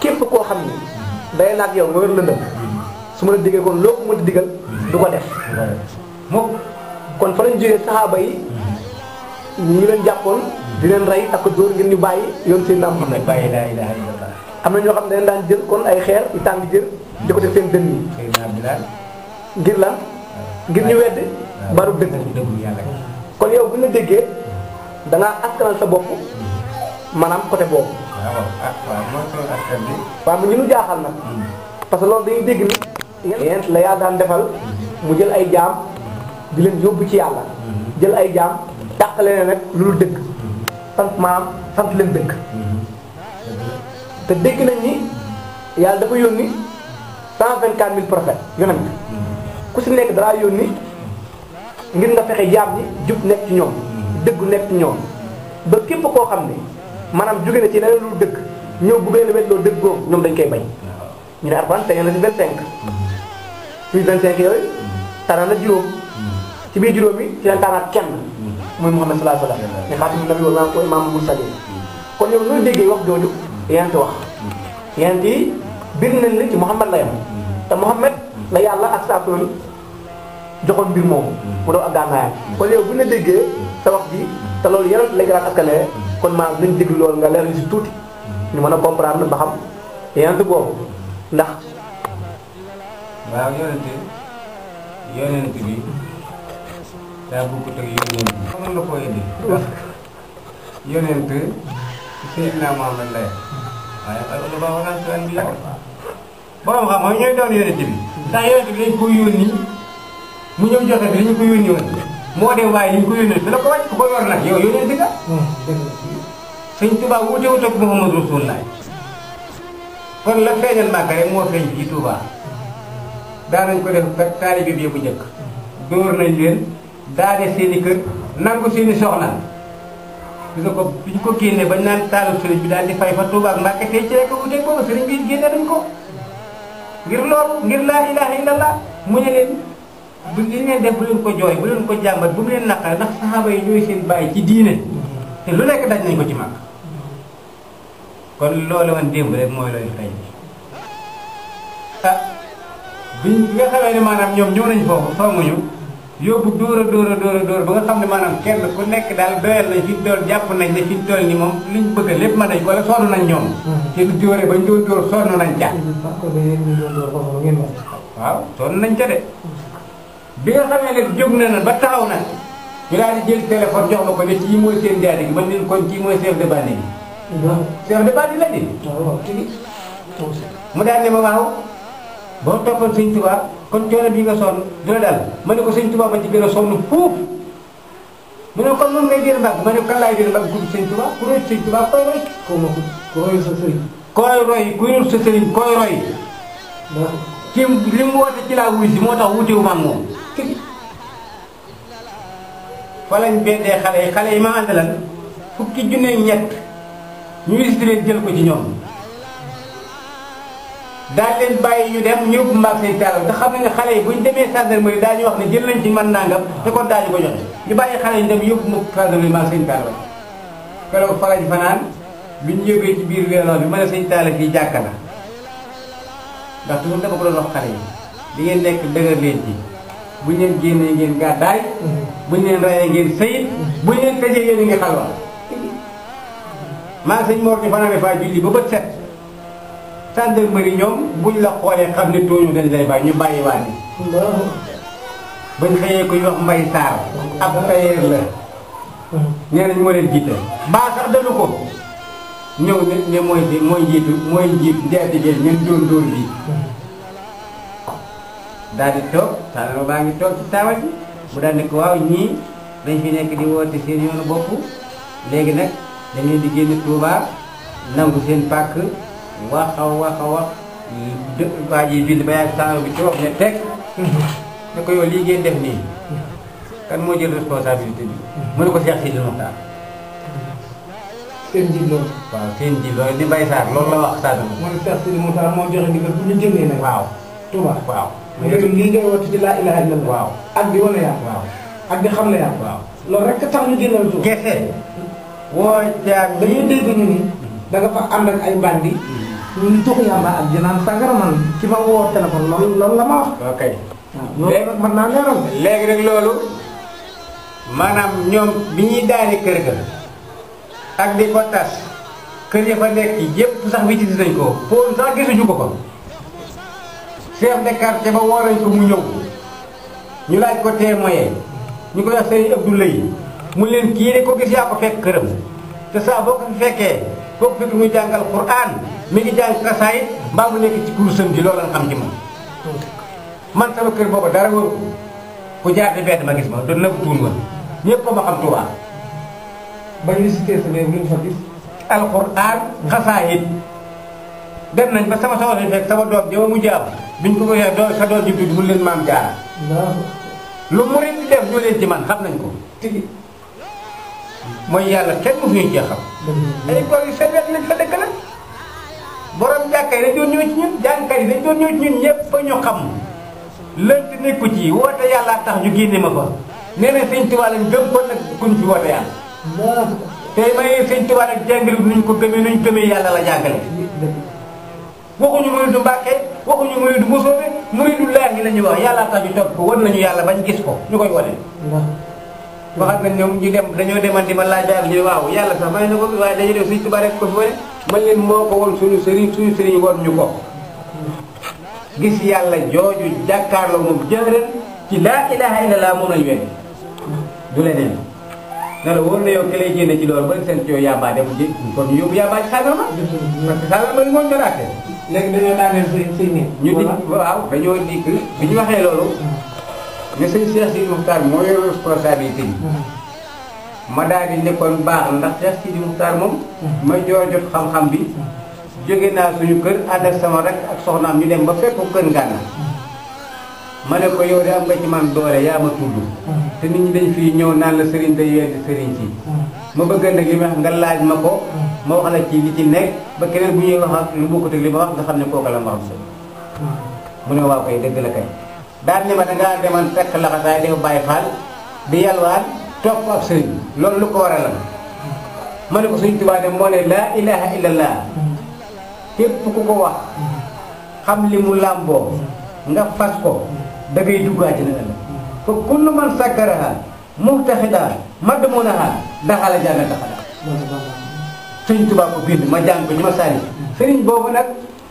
képp koo xam ni day laaj yow nga wér lëndëm su ma la diggee kon loo ko mënti digal du ko def moom kon fa lañ jógee saxaaba yi ñu ngi leen jàppoon di leen rey ak ko dóor ngeen ñu bàyyi yoon seen naam Mouhamed bàyyi laa ilaaha am na ñoo xam ne dañ daan jël kon ay xeer yu tàng jër di ko def seen dënn yi ngir lan ngir ñu wedd baru dëgg kon yow bu ñu la déggee da ngaa askanal sa bopp maanaam côté boobu. waaw mu ñu nu jaaxal nag. parce que loolu dañuy dégg ni. yéen la yaa daan defal mu jël ay jaam di leen yóbbu ci yàlla. jël ay jaam tàqale ne nag lu dul dëgg. sant maanaam sant leen dëgg. te dégg nañ ni yàlla dafa yónni cent vingt quatre mille prophètes yonent ku si nekk dara yónni. ngir nga fexe jaam ñi jub nekk ci ñoom dëggu nekk ci ñoom ba képp koo xam ne maanaam jóge na ci leneen lu dëkk ñëw bu benn wet loo dëgg ñoom dañ koy bañ ñu ne Alxuraan tey na ci 25 muy 25 yooyu tànn na juróom ci biir juróom yi ci lañ kenn muy Muhammad sallallahu alayhi wasallam ne xaatimu nabi wala ko imaam mursaliin kon ñoom ñoo déggee wax jooju yent wax yent yi bir nañ la ci Muhammad la yam te Muhammad la yàlla ak saa joxon bir mom mu do ak gannaay kon yow bu ne degge sa wax bi té lolou yëral lay gëraat akalé kon ma nañ deg loolu nga leer ci tuuti ñu mëna comprendre ba xam yent bob ndax ba te yonente te bi da bu ko bëgg teg yonente xam nga ko indi na ma la lay ay ay alquran ba wax waxaan ci bi ba xam mooy ñooy doon te bi da ndax te bi ko yoni mu ñëw joxe bi li ñu ko yónni woon moo dem waaye li ñu ko yónni dina ko wàcc ku ko yor nag yow yónnee dëgg la. Hmm. sëñ Touba wuute wuute ak Muhammadu Rasulullah kon la feeñal Màkka moo feeñ fii Touba daanañ ko def ba taalibe bi bu njëkk. dóor nañ leen daane seen i kër nangu seen i soxna gis ko bi ñu ko génnee bañ naan taalu sëriñ bi daal di fay fa Touba ak Màkka tey ci rek wuuteeg boobu sëriñ bi génne nañ ko ngir loolu ngir laa ilaaha illallah mu ne leen. bu li ngeen def bu leen ko jooy bu leen ko jàmbat bu mu leen naqar ndax saxaaba yi ñooy seen bàyyi ci diine te lu nekk daj nañ ko ci mag kon loolu woon démb rek mooy loolu tey ah, bi biñ nga xamee ne maanaam ñoom ñëw nañ foofu songuñu yóbbu dóor a dóor a dóor a ba nga xam ne maanaam kenn ku nekk daal doyal nañ fi dool jàpp nañ ne fi dool ni moom liñ bëgg lépp ma nañ ko wala sonn nañ ñoom mm-hmm. te du dóore bañ doon dóor sonn nañ ca mm-hmm. waaw sonn nañ ca bi nga xamee ne jóg na ba taxaw na ñu daal di jël téléphone jox ma ko ne kii mooy seen jaadi man leen kon kii mooy chef de bande bi. waaw chef de bande la di. mu daal ma waaw boo toppoon sëñ Tuubaa kon coono bi nga sonn dina daal ma ne ko sëñ Tuubaa ma ci gën a sonn fuuf mu ne kon moom ngay jël mbagg ma ne kan jël mbagg gudd sëñ Tuubaa ku roy sëñ Tuubaa koy roy. koo ma ko roy sa koy roy ku yor sa sëriñ koy roy. waaw ci li mu woote ci laa wuy si moo tax wuute wu ma moom. këri fa lañ beddee xale yi xale yi ma àndalan fukki junne ñett ñu wisti leen jël ko ci ñoom daal leen bàyyi ñu dem ñëw bu mbaag say taaral te xam ne xale yi buñ demee gendarmerie daañu wax ne jël ci man nangam te kon daañu ko joxe ñu bàyyi xale yi dem yóbbu mu gendarmerie mbaag seen taaral keroog fa lañ fanaan bi ñu yóbbee ci biir weeroon bi ma ne sëñ taala fii jàkka la ndax toujours ko doon xale yi di ngeen nekk dëgër leen buñ leen génnee ngeen gàddaay bu leen rayee ngeen sëyit buñ leen tëjee yéen a ngi xalwa maa sëñ Mor di fanaane faa julli ba bët set gendarmerie ñoom buñ la xoolee xam ne tooñu dañ lay bàyyi ñu bàyyi waat ni bañ xëyee ko ñu wax Mbay Sarr ab tayeer la nee nañ moo leen jiite baa sax dalu ko ñëw ne ne mooy mooy njiitu mooy njiit ndeetigee ñun dóor dóor bii daal di toog taaliba baa ngi toog ci taabal mu daal ne ko waaw ñii dañ fi nekk di woote seen yoonu bopp léegi nag dañuy di génn Touba nangu seen pàkk wax a wax a wax dë waa ji julli ba yàgg bi ci ne teg ne ko yow lii ngeen nii kan moo jël responsabilité bi mu ne ko Cheikh Sidi Mokhtar seen ji loolu. waaw seen ji loolu li Mbaye Sarr loolu la wax Sadio. mooy Cheikh Sidi Mokhtar moo joxe ndigal bu ñu jëlee nag. waaw Touba waaw. mu ngi lii ngay woote ci laa ilaha waaw ak di wane yàlla. waaw ak di xam ne yàlla. waaw loolu rek tax ñu génnal tur. gerte woo jaar dañuy dégg ñu ni da nga fa ànd ak ay bandi. Mm-hmm. ñu tox yàlla ak jinaan sàngara man ki ma woo téléphone loolu loolu la ma wax. Ah, loolu nag mën ñoom bi ñuy daane kër ga ak di ko tas kër ya fa nekk yëpp sax witti nañ ko. foofu sax gisuñu ko chef de quartier ba woo nañ ko mu ñëw ñu laaj ko témoin ñu ko wax sëriñ Abdoulaye mu leen kii de ko gis yaa ko fekk këram te saa boo ko fi fekkee boo ko fekk muy jàngal Qur'an mi ngi jàng kasaayit mbaa mu nekk ci kursam gi loolu am xam ci man. man sama kër boobu dara wër ko ku jaar di bedd ma gis ma doon nëb tuun ma ñëpp ma xam Tuubaa ba ñu cité sama lu ñu fa gis alquran xasaayit dem nañ ba sama soxna fekk sama doom jëwa mu jaabu biñ ko waxee dool sa dool ji dud mun leen maam jaara lu mu rit di def ñu leen ci man xam nañ ko tigi mooy yàlla kenn mu suñu cee xam ay koor yu sewet lañ fa dëkk la borom jàkka yi dañ doon ñëw ci ñun jànkat yi dañ doon ñëw ci ñun ñëpp ba ñu xam lënt nekku ci woote yàlla tax ñu génne ma fa nee na sëñ Tuubaa lañ gëm kon nag kun ci woote yàlla tey may sëñ Tuubaa nag jàngale nuñ ko gëmee nuñ gëmee yàlla la jàngale ñu waxuñu muridu Mbàkke waxuñu muridu Mbusoobe muridu laahi la ñuy wax yàlla tax ñu topp ko wan nañu yàlla bañ gis ko ñu koy wane. waaw waxal nañ ñoom ñu dem dañoo demal di ma laaj daal ñu waaw yàlla sax may na ko waaye dañuy def suñ tubaab ko fi leen moo ko woon suñu sëriñ suñu sëriñ woon ñu ko. gis yàlla jooju jàkkaarloo moom jëfandikoo ci laa ilaha illallah moom lañu wéne du leneen ne la wóor na yow ki lay génne ci loolu ba seen ci yow yàmbaa dem ji kon yóbbu yàmbaa ci xaaral ma mm-hmm. parce que xaaral ma li moo ñu léegi dañoo daaneel suy suy nit. ñu di waaw dañoo dikk bi ñu waxee loolu. Mm-hmm. ne sëñ Cheikh Sidi Muxtaar moo yor responsabilité yi. Mm-hmm. di nekkoon ndax Cheikh moom. Mm-hmm. ma joo jot xam-xam bi. jóge naa suñu kër ànd sama rek ak soxnaam ñu dem ba fekk kër gànna ma ne ko yow de am nga ci man doole yaa ma tudd. te nit ñi dañ fii ñëw naan la sëriñ day wedd sëriñ si. ma bëgg nag li ma nga laaj ma ko ma wax la ci li ci nekk ba keneen bu ñuy wax ak lu bokkut ak li ma wax nga xam ne kooku la ma wax mu ne waaw kay dëgg la kay daal ni ma dangaa demoon fekk laxasaay dafa bàyyi faal di yalwaan topp ab sëriñ loolu lu ko war a la ma ne ko Sëriñ Tuubaa de moo ne laa ilaha illallah képp ku ko wax xam li mu làmboo nga fas ko da ngay dugg àjjana ëllëg fa kullu man sakkaraha muxtaxidaa man de moo naxaar daxaa la jàng dafa dax sëñ tubaa ma jàng ñu ñi ma sànni sëriñ boobu nag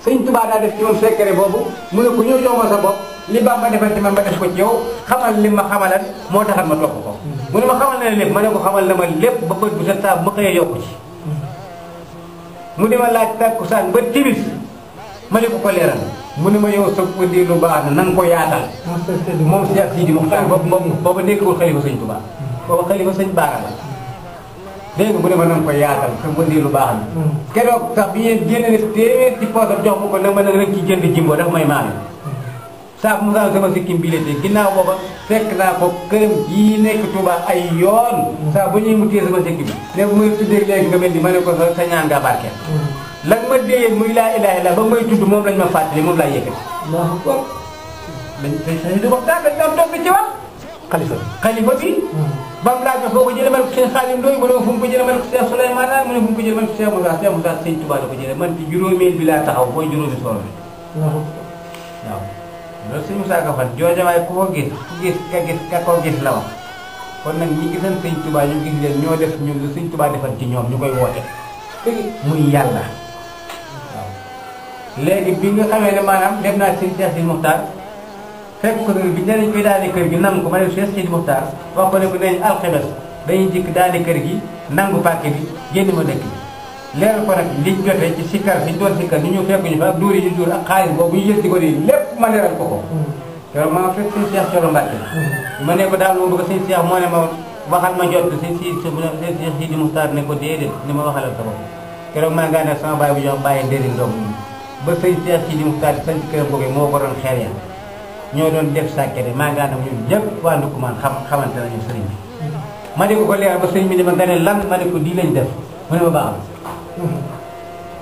sëñ tubaa daa def ci moom boobu mu ne ko ñëw ma sa bopp li baax ma defal ci ma def ko ci yow xamal li ma xamalan moo taxal ma topp ko mu ne ma xamal lépp ma ne ko xamal na lépp ba bët bu set saa bu ma xëyee yokku ci mu ne ma laaj takkusaan ba tibis ma ne ko ko leeral mu ne ma yow sëpp di lu baax na nan ko yaatal moom Cheikh Sidi Mokhtar boobu boobu nekkul xalifa sëñ tubaa booba xalifa sëñ Baara la dégg nga mu ne ma nan ko yaatal te mu indi lu baax la mm. keroog sax bi ngeen génne téeméer ci jox ma ko nag ma ne rek ci jënd jimbo daf may maame saa mu saan sama sikkim bi la tee ginnaaw booba fekk naa ko këram jii nekk Touba ay yoon mm. saa bu ñuy mu téye sama sikkim bi ne bu may tuddee léegi nga mel ni ma ne ko sa sa ñaan nga barke mm. lan ma déyee muy laa ilaaha la ba may tudd moom lañ ma fàttali moom laa yëkkati Allahu akbar lañ di wax daal dañ doon ba mu laaj ma foo ko jëlee man ko seen xaalim looyu mu ne ma fu mu ko jëlee man ko seen Souleymane laa mu ne fu mu ko jëlee man ko seen Moussa seen Moussa sëñ Tuubaa la ko jëlee man ci juróomeel bi laa taxaw booy juróomi soxla bi waaw loolu sëñ Moussa Ka fan joojamaay ku ko gis ku gis ka gis ka ko gis la wax kon nag ñi gisan sëñ Tuubaa ñu gis leen ñoo def ñun lu sëñ Tuubaa defal ci ñoom ñu koy woote muy yàlla léegi bi nga xamee ne maanaam def naa sëñ Cheikh Sidi Muxtaar fekk ko bi ñu dañu kër gi nangu ko ma def Cheikh Sidi Muxtaar wax ko ne ko nañ alxemes dañuy jikk daane kër gi nangu pàkk bi génn ma dëkk bi leeral ko nag liñ jotee di ko di lépp ma leeral ko ko yow mm. ma fekk suñu Cheikh Coro Mbàkke mm. ma ne ko daal moom bëgg suñu Cheikh moo ne ma waxal ma jot si si su ne ko déedéet ni ma waxalal sa bopp keroog maa ngaa ne sama baay bu ñox bàyyi ndëri ndoom ba sëñ Cheikh Sidi Muxtaar sanc këram boobu moo ko doon xeer ya ñoo doon def sàkkete maa ngi a ak ñoom ñëpp waa Ndoukoumane xam xamante nañu sëriñ bi. ma ne ko ko leer ba sëriñ bi ne ma nga ne lan ma ne ko lii lañ def mu ne ma baax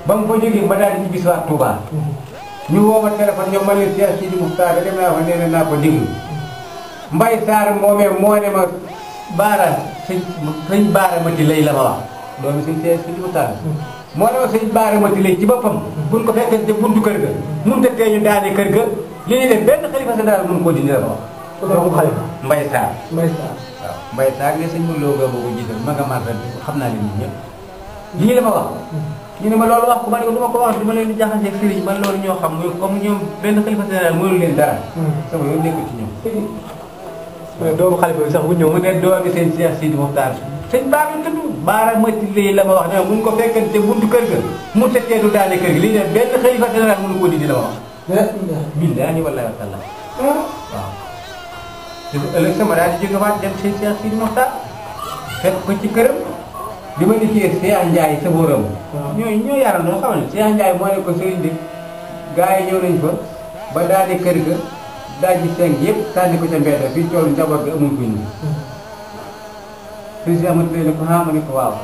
ba mu ko jógee ma daal di ñibbi si ñu woo ma téléphone ñoom ma ne Cheikh Sidi Moukhtar dem naa moo ne ma baara ma ci lay la ma wax doomi sëñ Cheikh Sidi Moukhtar. moo ne ma baara ma ci lay ci boppam. buñ ko fekkee ca buntu kër ga. mënut a teeñu daane kër ga. li ñuy def benn xalifa général mënu koo dindi la wax. ku doon xalifa Mbaye Sarr. Mbaye Sarr waaw Mbaye Sarr yooyu sëñ Mawlo Gabo ko jiital ma nga xam naa leen ñun ñëpp. lii la ma wax. ñu ne ma loolu wax ko ma ne du ma leen di jaaxase ak sëriñ man loolu ñoo xam muy comme ñoom benn xalifa général mënul leen dara. sama hmm. yoon nekkul ci doomu sax bu ñëw mu ne doomi seen Cheikh Sidi Mokhtar sëñ Baara tudd Baara Matilé la wax ne buñ ko fekkante buntu kër mu tekkee du daane kër gi li ñu benn xalifa général mënu koo dindi la ma wax billahi wallahi wa taala waaw di ko ëllëg sama daal di jógewaat dem seen Cheikh Sidi Moxtar fekk ko ci këram li ma liggéeyal Cheikh Ndiaye sa borom ñooy ñoo yaral noonu xamal ne Cheikh Ndiaye moo ne ko sëriñ bi gaa yi ñëw nañ fa ba daal di kër ga daal di seng yëpp sànni ko ca mbedd fii tool njaboot bi amul buñ sëñ si amatu ne ko ah ma ne ko waaw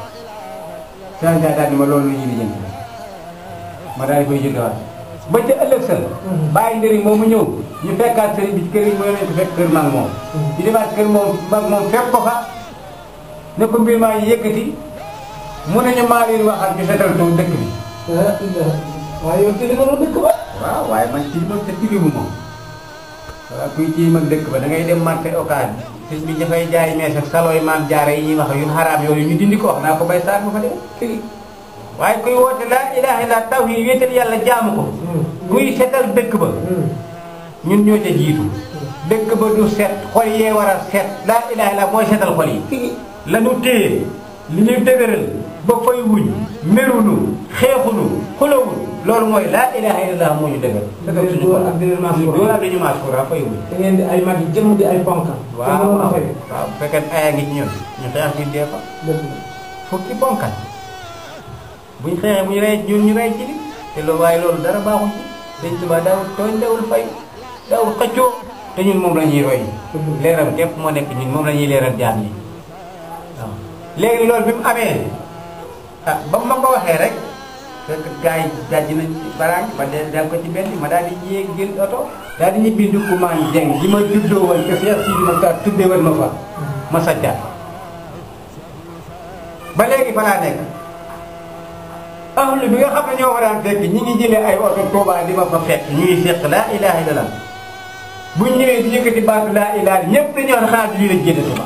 Cheikh Ndiaye daal di ma loolu la ñuy lijjanti ma daal di koy jëndewaat ba ca ëllëg wërsëg bàyyi ndëriñ moomu ñew ñu fekkaat sëriñ bi ci kër yi mu fekk kër mag moom ñu demaat kër moom ba moom fekk ko fa ne ko mbir ma ngi mu ne ñu ma leen ak ci fetal dëkk bi waaye yow ci dama ba waaye man ci li te mu moom kuy ci dëkk ba da ngay dem marché bi jaay ak maam yi waaye kuy woote laa ilaha illa taw yi wéetal yàlla jaamu ko muy hmm. setal dëkk ba hmm. ñun ñoo ca jiitu dëkk ba du set xol yee war a set laa ilaha illa mooy setal xol yi lanu téye li ñuy dëgëral ba fay wuñ merunu xeexunu xulawul loolu mooy laa ilaha illallah moo ñu dëggal. dëggal suñu xol ak dëggal suñu maasura fay wuñ. da ay mag yi jëm di ay ponk. waaw waaw bu fekkee ay ngi ci ñu xeex ñu dee fa. fukki ponkal. buñ xeexee buñ ñu rey ci te loolu waaye loolu dara baaxul ci dañ tubaa daawul tooñ daawul fay daawul xëccoo te ñun moom la ñuy roy leeram képp moo nekk ñun moom la ñuy leeral jaam yi waaw léegi loolu bi mu amee ah ba ma ko waxee rek fekk gars yi daj nañ ci baraag ko ci benn ma daal di yéeg jël oto daal di ñibbi Ndoukoumane Dieng ma juddoo woon ma fa ma sajjaat ba léegi fa nekk ahlu bi nga xam orang ñoo war a fekk ñi ngi jëlee ay oto Tuuba di ma fa fekk ñu ngi seq laa ilaha illa allah bu ñu ñëwee di yëkkati baatu laa ilaha ñëpp dañu wax xaar lii lañ génne Tuuba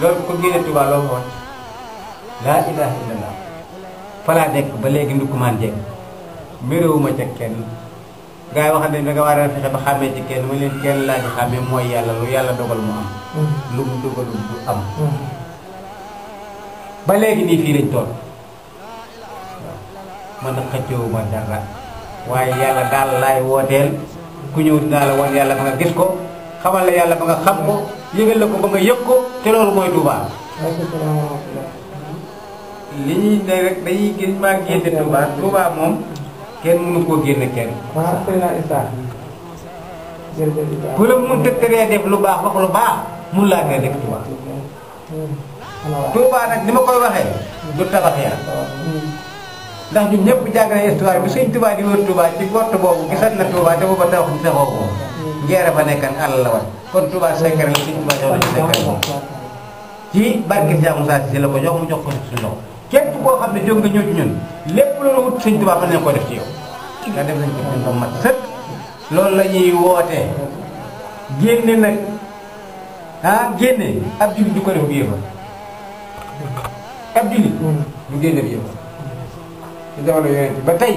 loolu ko génne Tuuba loo ma wax laa ilaha illa allah fa kalau nekk ba léegi ndukkumaan jekk kenn nga ba ci kenn leen kenn lu dogal mu am lu mu dogalul am ba lañ man a xëccoowuma dara waaye yàlla daal laay wooteel ku ñëw dinaa la wan yàlla ba nga gis ko xamal la yàlla ba nga xam ko yëgal la ko yëg ko te loolu mooy li ñuy ne rek dañuy gën maa génne Touba Touba moom kenn mënu koo génne kenn. waaw mun te teree def lu baax wax lu baax mun laa ngay def Touba. Touba nag ni ma koy waxee du tabax yaa ndax ñun ñëpp jàng nañu histoire bi sëñ Touba di wër Touba ci gott boobu gisan na Touba te booba taw bi taxaw ko njeere fa nekkan àll la woon kon Touba secret la sëñ Touba jox nañu secret ci barke Cheikh Moussa Cissé la ko jox mu jox ko suñu loxo képp koo xam ne jóg nga ñëw ci ñun lépp loolu wut sëñ Touba ko def ci yow nga def nañ ko ñun ba loolu la ñuy wootee génne nag ah génne ab jullit du ko def bi yëfa ab jullit du génne bi yëfa ci jamono yonent ba tey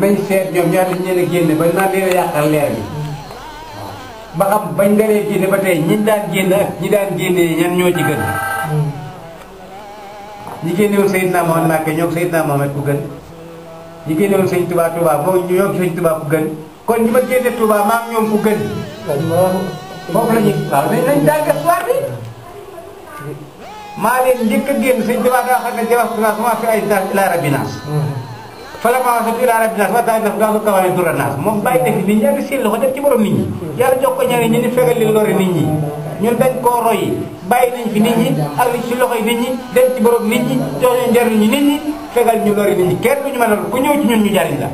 nañ seet ñoom ñaar ñu leen génne ba naan leen yàqal leer bi ba xam bañ daree génne ba tey ñi daan génne ñi daan génne ñan ñoo ci gën hmm. ñi génnewoon Seydina Muhammad Mbacké ñoo Seydina Muhammad ku gën ñi génnewoon Sëñ Touba Touba moom ñoo Sëñ Touba ku gën kon ñi ma génne Touba maam ñoom ku gën. moom la ñuy waaw nañ nañ jàngat waat bi. maa leen njëkk a génn sëñ bi waa daa xam a jërëjëf naa su ma fi ay naas ilaa rabbi naas. fala maa wasatu ilaa rabbi naas wa taa daf ko kawaani dura naas moom bàyyi def nit ñi ak loxo def ci borom nit ñi. yàlla jox ko ñaari ñu ni fegal ñi ñun dañ koo roy bàyyi nañ fi nit ñi ak ci loxo yi nit ñi dem ci borom nit ñi jox ñu njariñ nit ñi fegal ñu lore nit ñi kenn duñu a ku ñëw ci ñun ñu jariñ la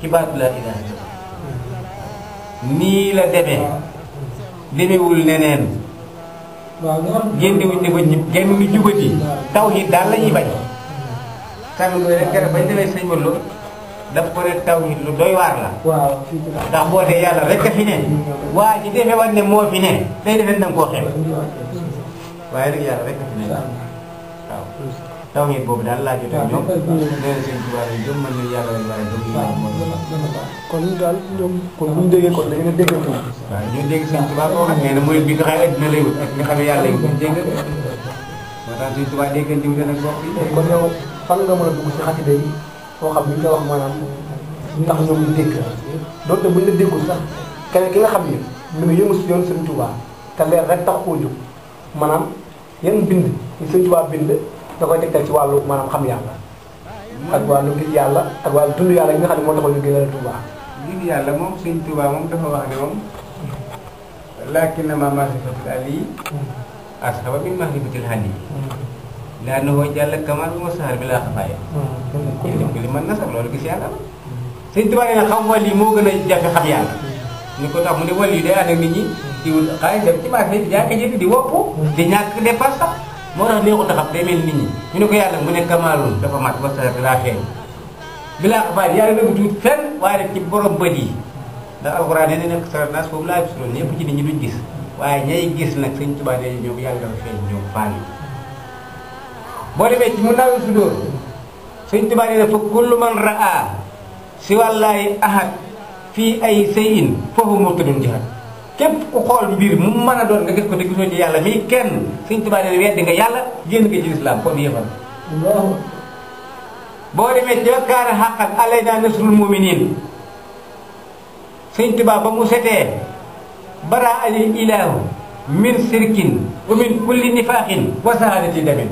ci baat la ilaa nii la demee demewul neneen waaw génn wuñ ne ba ñëpp génn ñu jubati taw yi daal la ñuy bañ. sànq yooyu rek daf ko ne taw yi lu doy waar la. waaw ndax boo dee yàlla rek a fi ne. waa ji defe wan ne moo fi ne day defe na koo xeeb waaye nag yàlla rek fi ne waaw. taw ngeen boobu daal laajte. waaw waaw kay bu kon daal ñoom kon bu ñu déggee kon dañu leen déggatul. waaw ñu dégg Sëñ Tuubaa boo xam ne mooy bi nga xam ne adduna lay wut ak nga xam ne yàlla yi buñ dégg. moo tax Sëñ Tuubaa déggantiwul nag bokk yi. kon yow fan nga mën a dugg si xasida yi foo xam li nga wax maanaam ndax ñoom ñu dégg doonte buñ la déggul sax keneen ki nga xam ne mi ngi yëngu si yoon Sëñ Tuubaa te leer rek tax koo jóg maanaam yan bind ñu Sëñ Tuubaa bind da koy tegtal ci wàllu maanaam xam yàlla ak wàllu gis yàlla ak wàllu dund yàlla nga xam ne moo ñu gënal Touba gis yàlla moom sëñ Touba moom dafa wax ne moom lakinnama masifatul ali hmm. asxaba min mahribatil hani laa na woo kamal bu ma saxar bi laa ko li mën na sax loolu gis yàlla la sëñ Touba xam wàll yi moo gën xam yàlla ni ko tax mu day nit ñi dem ci di di moo tax neexut a xam day mel nit ñi ñu ne ko yàlla mu ne a dafa mat ba sa laa xeeñ bi laa xabaar yàlla nag duut fenn waaye rek ci borom bët yi ndax alxuraan nee na nekk sa nas foofu laa gisoon ñëpp ci nit ñi duñ gis waaye ñay gis nag sëñ Tuubaa dañuy ñëw yàlla dafa feeñ ñëw fànn boo demee ci mu naaw su dóor sëñ Tuubaa nee na fa kullu man raa si wàllaay ahad fii ay sayin foofu moo tëdun jaxat képp ku xool ci biir mu man a doon nga gis ko te gisoo ci yàlla mii kenn suñ tubaab nee weddi nga yàlla génn nga ci lislaam kon yéefal boo demee ci wakkaana xaqan alayna nasrul muminin suñ tubaab ba mu setee bara ali ilahu min sirkin wa min kulli wa sahadati damin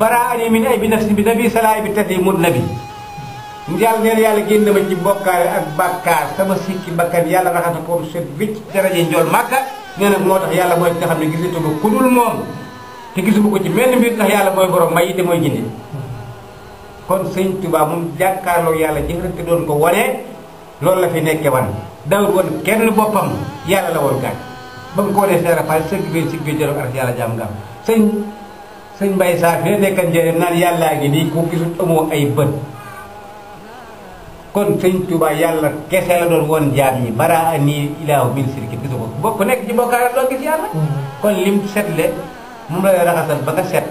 bara ali min ay bi nafsi bi nabi salaay bi tati mun yàlla neen yàlla génn ma ci bokkaale ak bàkkaar sama sikki bakkan yàlla raxas ko mu set wicc daraje njool màkka nee moo tax yàlla mooy nga xam ne gisatuma ku dul moom te gisuma ko ci benn mbir yàlla mooy borom may te mooy gindi kon sëñ Tuubaa moom jàkkaarloo yàlla jëfante doon ko wane loolu la fi nekke wan dawul woon kenn boppam yàlla la woon gàtt ba mu ko wanee seera fay sëgg bi sëgg ak yàlla jaam nga am sëñ sëñ Mbay Saar fi ne nekkan njëriñ naan yàllaa ngi nii ku gisul amoo ay bët kon sëñ Touba yàlla kese la doon woon jaam yi bara ani ilaahu min sirki gisu ko bokk nekk ci bokkaale doo gis yàlla mm-hmm. kon lim setle moom la raxasal ba nga set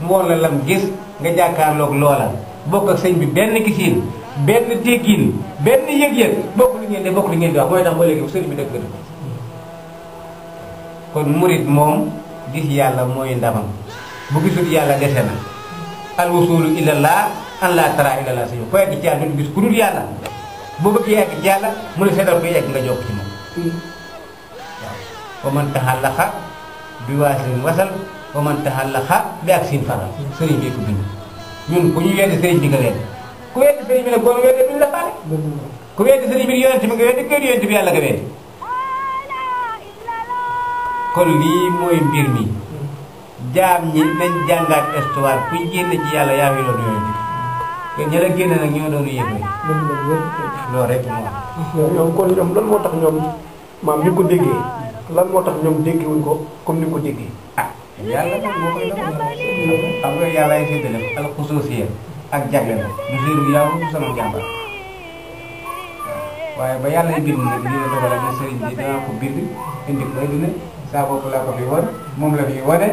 mu woon la lam gis nga jàkkaarloog loola bokk ak sëñ bi benn gisiin benn teggiin benn yëg-yëg bokk li ngeen di bokk li ngeen di mooy tax ba léegi sëñ bi dëgg dëgg kon murit moom gis yàlla mooy ndamam bu gisul yàlla dese na alwusulu ilallah an laa tara illallah sa yow ko yegg ci yàlla duñu gis ku dul yàlla boo bëgg yegg ci yàlla mu ne seetal ko yegg nga jokk ci moom waaw wa man bi waasin wasal wa man taxallaqa bi ak siin faral sëriñ bi ko bind ñun ku ñu weddi sëriñ bi nga weddi ku weddi sëriñ bi nag boo nga weddi ku weddi yonent yàlla nga weddi kon lii mooy mbir mi jaam ñi nañ jàngaat histoire kuy génn ci yàlla yaa ngi doon ña la génne nag ñoo doon yëngu. loolu rek moom. ñoom kon ñoom lan moo tax ñoom maam ñu ko déggee lan moo tax ñoom déggewuñ ko comme ni ko déggee. ah yàlla nag moo koy defal xam nga yàlla ay séddale alxusuusiya ak jagle la du séeru yàlla du sama jàmbar waaye ba yàlla bind nag lii la dogalal ne sëriñ bi danaa ko bind indi ko dina saa bopp laa ko fi wan moom la fi wane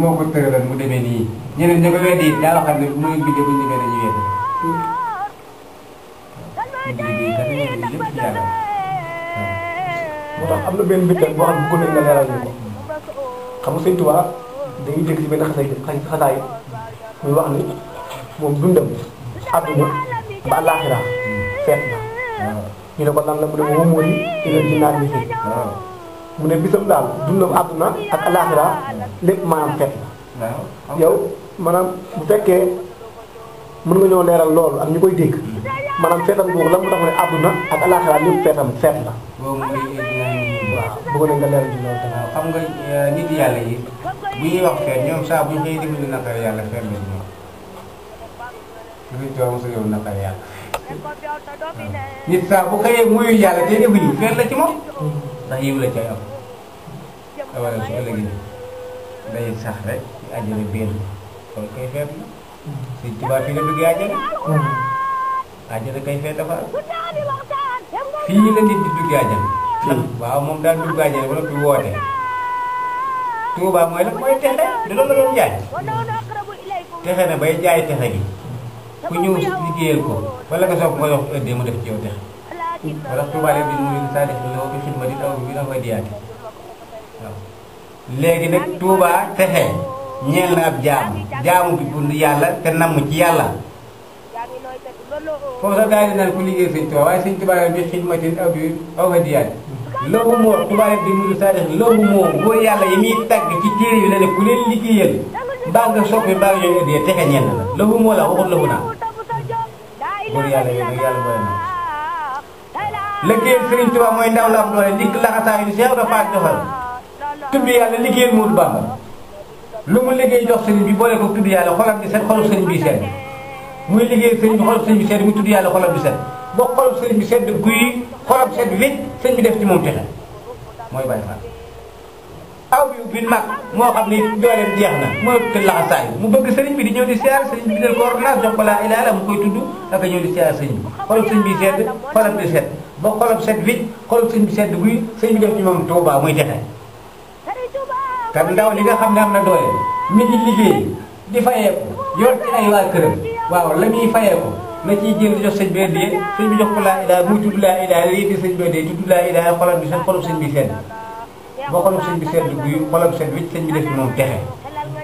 moo ko tëralal mu demee nii ñeneen ña ko weddi it yàlla xam ne bu ma leen bindee bu ñu demee dañuy weddi moo tax am na benn mbir boo xam ne ku ne nga leeral ñu ko xam nga sëñ Tuubaa dañuy dégg ci benn xasay xasaay muy wax ni moom dundam àdduna ba àllaaxira feet na ñu ne ko lan la mu ne moom mooy ilal ji naan ñi mu ne bisam daal dundam àdduna ak àllaaxira lépp maanaam feet na yow maanaam bu fekkee mën nga ñoo leeral loolu ak ñu koy dégg maanaam feetam googu lan moo tax ne àdduna ak alaxira lépp na nga leeral ci loolu tamit. xam euh, nit yàlla yi bu ñuy wax ñoom saa bu ñu xëy déglu naqar yàlla feet yàlla. nit saa bu xëyee muyu yàlla te déglu ñu feet la ci moom. ndax yiw la cay am. xamal la su ëllëgee day sax rek ci àjjana benn loolu koy feet la. sëñ Tuubaa fi nga duggee àjjana àjjana kañ fee dafa fii la nit di duggee àjjana waaw moom daal dugg àjjana wala fi woote Tuubaa mooy la mooy texe da loolu la doon jaay texe na bay jaay texe gi ku ñëw liggéeyal ko wala nga soog nga yox ëddee mu def ci yow texe wala Tuubaa leen di nuyu saa def la bi xidma di taw bi na fa diyaate waaw léegi nag Tuubaa texe ñeel na ab jaamu jaamu bi bund yàlla te namm ci yàlla foofu sax daal di naan ku liggéey sëñ Tuubaa waaye sëñ Tuubaa yoon bi xidmatin aw bi aw fa diyaat loobu moo tubaab bi mudu saadix loobu moo góor yàlla yi muy tàgg ci téere yi la ne ku leen liggéeyal mbaa nga soppi mbaa nga ñooy ëddee texe ñenn la loobu moo la waxut loobu naa góor yàlla yi nag yàlla boole na liggéeyal sëriñ Tuubaa mooy ndaw la am doole dikk laxasaayu Seex Ibra Faal joxal tudd yàlla liggéeyal Moodu Bamba lu mu liggéey jox sëriñ bi boole ko tudd yàlla xolam bi set xolu sëriñ bi set muy liggéey sëriñ bi xolu sëriñ bi set mu tudd yàlla xolam bi set boo xolu sëriñ bi set guy xolam set wécc sëriñ bi def ci moom texe mooy Baay Faal aw yu bi mag moo xam ni dooleem jeex na moo te laxasaay mu bëgg sëriñ bi di ñëw di siyaar sëriñ bi di leen ko ordonnance jox ko laa ilaa la mu koy tudd ak ñëw di siyaar sëriñ bi xolam sëriñ bi set xolam bi set boo xolam set wécc xolam sëriñ bi set guy sëriñ bi def ci moom Tuubaa muy texe te ndaw li nga xam ne am na doole mi ngi liggéey di fayeeku yor ci ay waa këram waaw la muy fayeeku na ciy jël di jox sëñ bi addiya sëñ bi jox ko laa ilaa muy tudd laa ilaa yi di sëñ bi addiya tudd laa ilaa xolam bi seen xolam sëñ bi sedd boo xolam sëñ bi sedd guy xolam sedd wicc sëñ bi def ci moom texe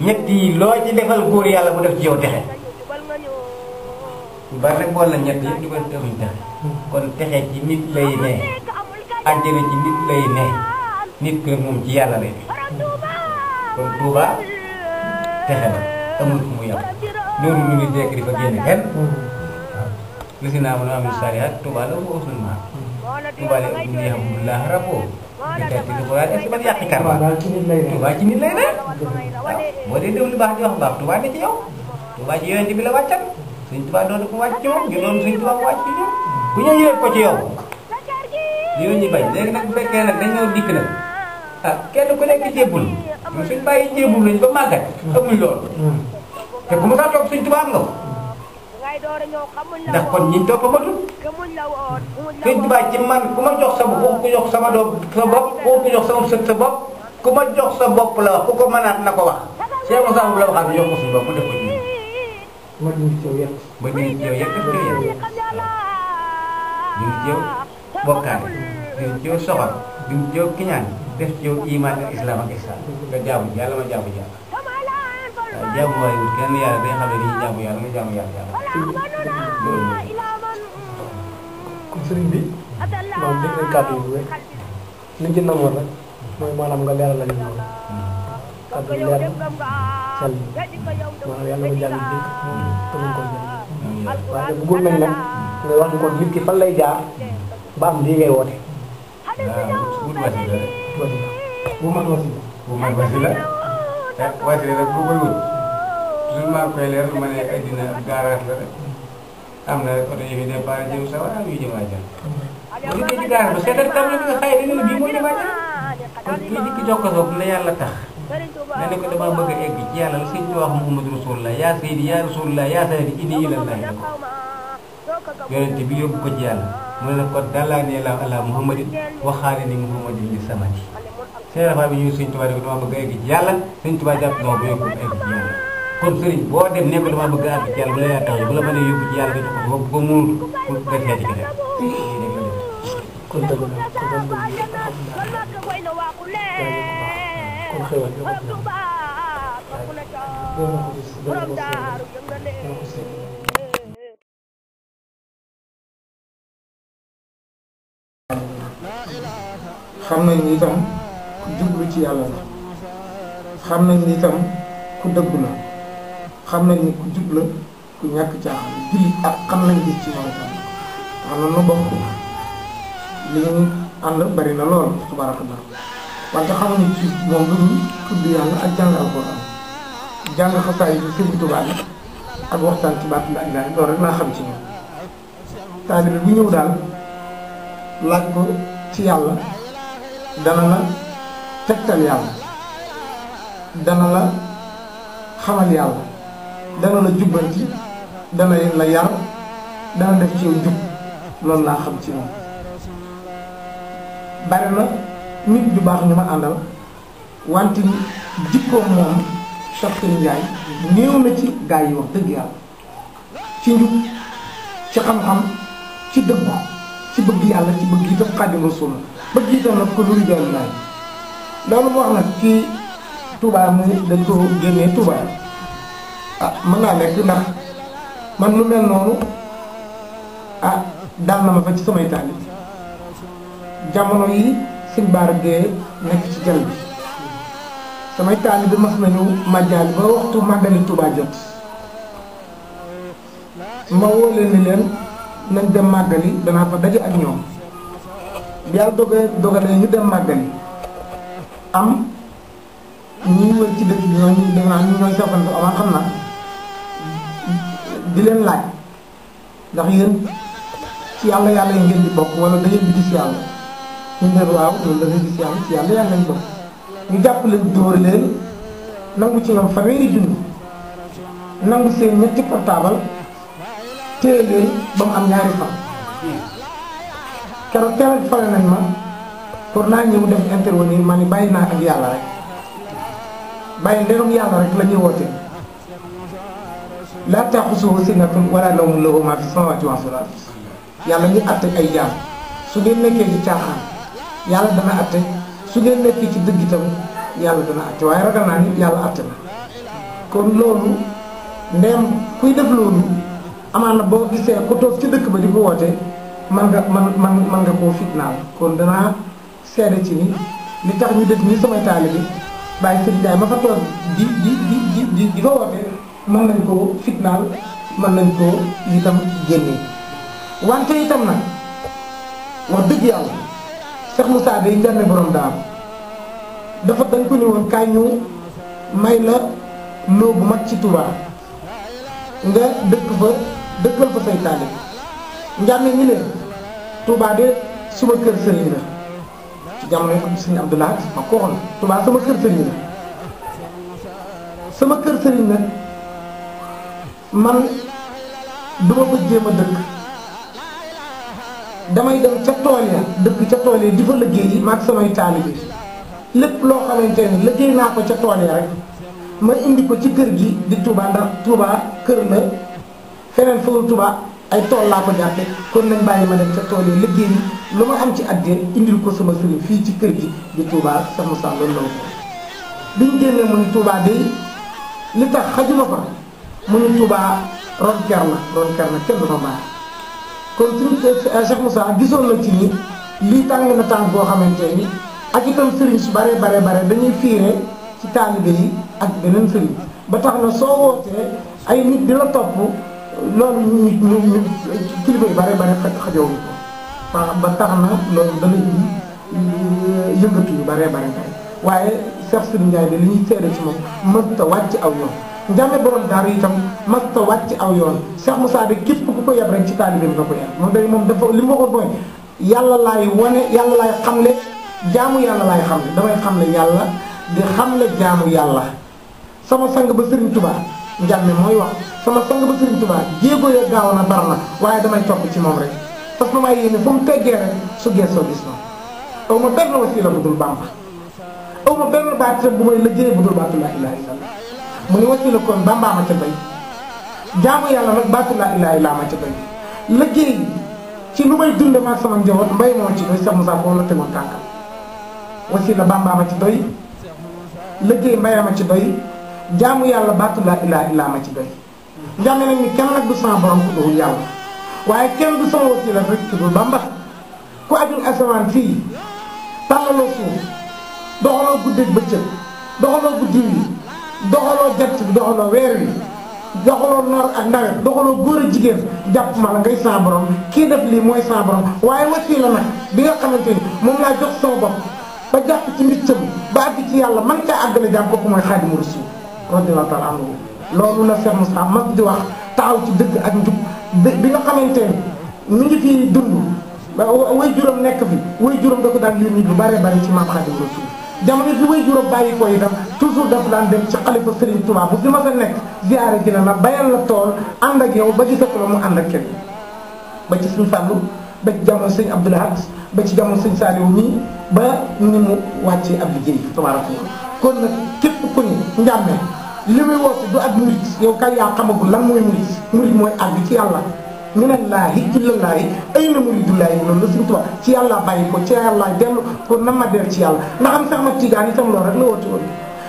ñett yi loo ci defal góor yàlla mu def ci yow texe bu baax rek bool na ñett yëpp ñu ko defuñ texe kon texe ci nit lay ne àjjana ci nit lay ne nit ko moom ci yàlla lay ne kon Touba texe na amul fu mu yàqu loolu lu ñu jekk di fa génne kenn. waaw mm-hmm. gis naa ma ne Amady Sall yaat Touba la woo suñu maam. Touba la ñu yàqu laa raboo. di teg ci Touba est-ce que man yàqi kar ba. Touba ci nit lay def Touba ci nit lay def. waaw boo dee déglu baax di wax baax Touba da ci yow. Touba ci yonent bi la wàccal suñ Touba doon ko wàcc ci moom ñu doon suñ ci ñoom. ku ñu yëg ko ci yow. yow ñu bañ léegi nag bu fekkee nag dañoo ah kenn ku nekk jébbul suñ bàyyi jébbul lañ ba màggat hmm. a loolu hmm. te ku mu sax toog suñ tubaab nga ko ndax kon ñiñ topp matul suñ tubaab ci ku ma jox sa bopp ku jox sama doom sa bopp ku sa bopp ku ma jox sa bopp la ku ko mënaat na ko wa Cheikh Moussa la waxaat jox ko suñu bopp mu def ko ñu ma ñu ma ñu ngi jëw yàq ñu ngi hmm. jëw bokkaale ñu ngi jëw soxal ñu ngi jëw def ci yow iman ak islam ak islam nga jaamu yàlla ma jaamu yàlla waaw bi moom dégg nañ yi li ci namoon rek nga leeral la ñu moom kàddu leer sell maanaam yàlla ma jàll dégg ko jàll mm. mm. waaye bëggoon nañ mm. jaar ba am lii ngay wasila bu mat wasila bu mat wasila bu koy wut toujours maa koy leer ma ne addina garage la rek am na oto yi fi départ jëm sa wala yu jëm àjjana bu ñu ci garage ba seetal tableau ne bii mooy dem àjjana kon kii dikk jokkoo na yàlla tax nga ne ko dama bëgg a egg ci yàlla la sëñ bi wax Muhammadu Rasulullah yaa Sayyidi yaa Rasulullah yaa Sayyidi inni ilaa Allahi yonente bi yóbbu ko ci yàlla mu ne ko dalaanee la ala muhammadin waxaale ni muhammadin li samati seen rafet bi ñu suñ tubaab yi dama bëgg a egg ci yàlla suñ tubaab jàpp ko dama bëgg a àgg bu la yaa bu la mënee yóbbu ci yàlla ko muur ko def la kon xam nañ ni itam ku jublu ci yàlla la xam nañ ni itam ku dëgg la xam nañ ni ku jub la ku ñàkk caaxaan julli ak xam nañ gis ci moom itam xam nañ nu bokk li ñu ànd bari na lool tabarakallah wante xamuñu ci moom lu ñu tudd yàlla ak jàng jàng yi ak waxtaan ci baat loolu rek xam ci ñoom taalibe bu ñëw daal laaj ko ci yàlla dana la tegtal yàlla dana la xamal yalla dana la dana la yar dana def ci yow jub loolu la xam ci mom bari na nit du bax ñuma andal wanti jikko mom moom ñay neew na ci gaay yi wax dëgg ci njub ci xam-xam ci deug ci bëgg yalla ci bëgg itam xaadim rasulullah begitu ah, nak kudu ko dul doon naan loolu mu wax nag ci Touba mu dañ ko génnee Touba ah mën naa nekk ndax man lu mel nonu? ah daal na ma fa ci samay tànn jamono yi sëñ Bara Gaye nekk ci jal bi samay tànn bi mas nañu màjjaal ba waxtu màggali Touba jot ma woo leen ni leen nañ dem màggali danaa fa daje ak ñoom yàlla dogalee dogalee ñu dem màggali am ñuy wër ci dëkk ñooñu defe naa ñu ñooy toppandoo ko amaan xam naa di leen laaj ndax yéen ci yàlla yàlla yi ngeen di bokk wala da ngeen di gis yàlla ñu yàlla yàlla yàlla lañ bokk ñu jàpp leen dóor nangu ci ñoom fanweeri junni nangu seen ñetti portable téye leen ba mu am ñaari fan keroog teel a pare nañ ma pour naa ñëw def intervenir ma ni bàyyi naa ak yàlla rek bàyyi ndegam yàlla rek la ñuy woote laa taaxusuhu sinatun wala nawmun lahu maa fi samaawaati wa maa fi l-ard yàlla ñu atte ay jaam su ngeen nekkee ci caaxaan yàlla dana atte su ngeen nekkee ci dëgg itam yàlla dana atte waaye ragal naa ni yàlla atte na kon loolu ndem kuy def loolu amaana boo gisee ko toog ci dëkk ba di ko woote man nga man man man nga koo fitnaal kon danaa seede ci ni li tax ñu def nii samay taalibe bi bàyyi sëñ daay ma fa toog di di di di di fa mën nañ koo fitnaal mën nañ koo itam génne wante itam nag wax dëgg yàlla Cheikh Moussa day njàmme borom daal dafa dañ ko ni woon kaay ñu may la loo bu mag ci Touba nga dëkk fa dëkkal fa say taalibe njàmme ñi leen Touba de suma keur serigne la ci jamono ko serigne abdullah ma ko xol Touba sama keur serigne la sama keur serigne nag man duma ko jéem a dëkk damay dem ca tool ya dëkk ca tool ya di fa liggéey maag samay taalibe lépp loo xamante ne liggéey naa ko ca tool ya rek ma indi ko ci keur gi di Touba ndax Touba keur na fenen foofu Touba ay tool laa ko jàppe kon nañ bàyyi ma dem ca tool yi liggéey yi lu ma am ci adde indil ko sama sëriñ fii ci kër gi di Touba sa Moussa loolu la ko biñ génnee mu ni Touba day li tax xajuma ko mu ni Touba ron ker na ron ker na kenn du ma baax kon suñu Cheikh Moussa gisoon na ci ni lii tàng na tàng boo xamante ni ak itam sëriñ su bare bare bare dañuy fiire ci taalibe yi ak beneen sëriñ ba tax na soo wootee ay nit di la topp loolu ñu ñu ñu kilifa yu bare bare xajoo wu ko ba tax na loolu dana indi euh, yëngatu yu bare bare bare waaye Cheikh Sidi Ndiaye de li ñuy seede ci moom mës ta wàcc aw yoon njàmme borom daara itam mës ta wàcc aw yoon Cheikh Moussa de képp ku ko yeb rek ci taalibe bi nga ko yeb moom day moom dafa li mu waxoon mooy yàlla laay wane yàlla laay xamle jaamu yàlla xam xamle damay xamle yàlla di xamle jaamu yàlla sama sang ba Serigne Touba njàmme mooy wax sama sang ba Sëriñ Tuubaa jéego ya gaaw na bar na waaye damay topp ci moom rek parce que waaye yéene fu mu teggee rek su geesoo gis ma aw ma benn wasiila bu dul Bàmba aw ma benn baat bu la lëjjee bu dul baatu laa ilaaha illallaah mu ne wasiila kon Bàmbaa ma ca bay jaamu yàlla nag baatu laa ilaaha laa ma ca bay lëjjee ci lu may dunde maag sama njaboot mbay moo ci doy Cheikh Moussa foofu la tegoon tànkam wasiila Bàmbaa ma ci doy lëjjee mbay ma ci doy jaamu yàlla baatu laa ilaaha ma ci doy jàng nañ ni kenn nag du sama borom ku dul yàlla waaye kenn du sama wasila rek ku dul Bàmba ku ajul asamaan fii tàllaloo suuf doxaloo guddeeg bëccëg doxaloo guddi wi doxaloo jant bi doxaloo weer wi doxaloo noor ak nawet doxaloo góor a jigéen jàpp ma la ngay sama borom kii def lii mooy sama borom waaye wasila nag bi nga xamante ni moom laa jox sama bopp ba jàpp ci mbiccam ba àgg ci yàlla man caa àggale jàpp kooku mooy Xaadimu Rasuul radiyallaahu taala anhu loolu la Cheikh Moussa mas di wax taxaw ci dëgg ak njub bi nga xamante ni mu ngi fi dund way juróom nekk fi way juróom da ko daan yónni bu bare ci maam Xaadim Rasul jamono bi way juróom bàyyi ko itam toujours daf daan dem ci xalifa Serigne Touba bu di ma sa nekk ziare ji la la bayal la tool ànd ak yow ba ci dëkk la mu ànd ak kenn ba ci suñu fàllu ba ci jamono sëñ Abdoul Ahad ba ci jamono sëñ Saliou nii ba ni mu wàccee ab liggéey tabaaraka kon nag képp ku ñu li muy woote du ak murit yow kay yaa xamagul lan mooy murit murit mooy àgg ci yàlla minallaahi illallaahi ay na muridullaahi loolu la suñu tubaab ci yàlla bàyyi ko ci yàlla dellu ko na ma dellu ci yàlla ndax am sax ma tiijaan itam loolu rek la woote woon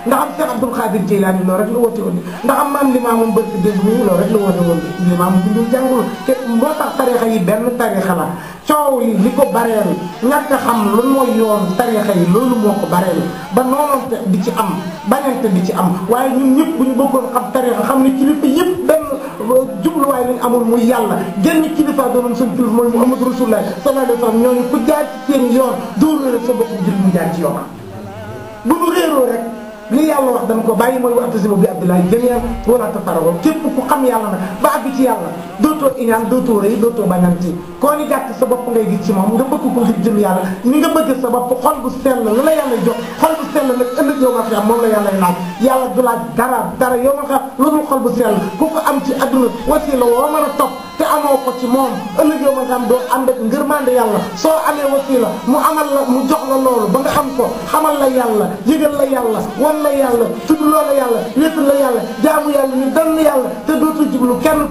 ndax am Seex Abdul Xaadir Jilaani loolu rek la woote woon ndax am maam limaamu mbëkk dégg mi loolu rek la woote woon limaamu bi ñu jàngul te moo tax tarixa yi benn tarixa la coow li li ko bareelu ñàkk a xam lu mooy yoon tarixa yi loolu moo ko bareelu ba noonante di ci am bañante di ci am waaye ñun ñëpp bu ñu bëggoon xam tarixa xam ne kilifa yëpp benn euh, jubluwaay lañ amul muy yàlla genn kilifa doonoon seen tur mooy Muhammad Rasulullah sallallahu alayhi wa sallam ñooñu ku jaar ci seen yoon dóor la sa bopp jël ñu jaar ci yoon bu ñu réeroo rek li yàlla wax dama ko bàyyi mooy wa'tasimu bi hablillahi jamii'an wa laa tafarraqu képp ku xam yàlla nag ba àgg ci yàlla dootoo iñaan dootoo rëy dootoo bañante koo ni gàtt sa bopp ngay gis ci moom nga bëgg ko ngir jëm yàlla ni nga bëgg sa bopp xol bu la la ma xam moom lu dul ku ko am ci adduna a topp te amoo ko ci moom ma xam yàlla mu amal la mu loolu ba nga am ko xamal la yàlla yëgal la yàlla wan la yàlla tudd loo la yàlla la yàlla jaamu yàlla ni dann yàlla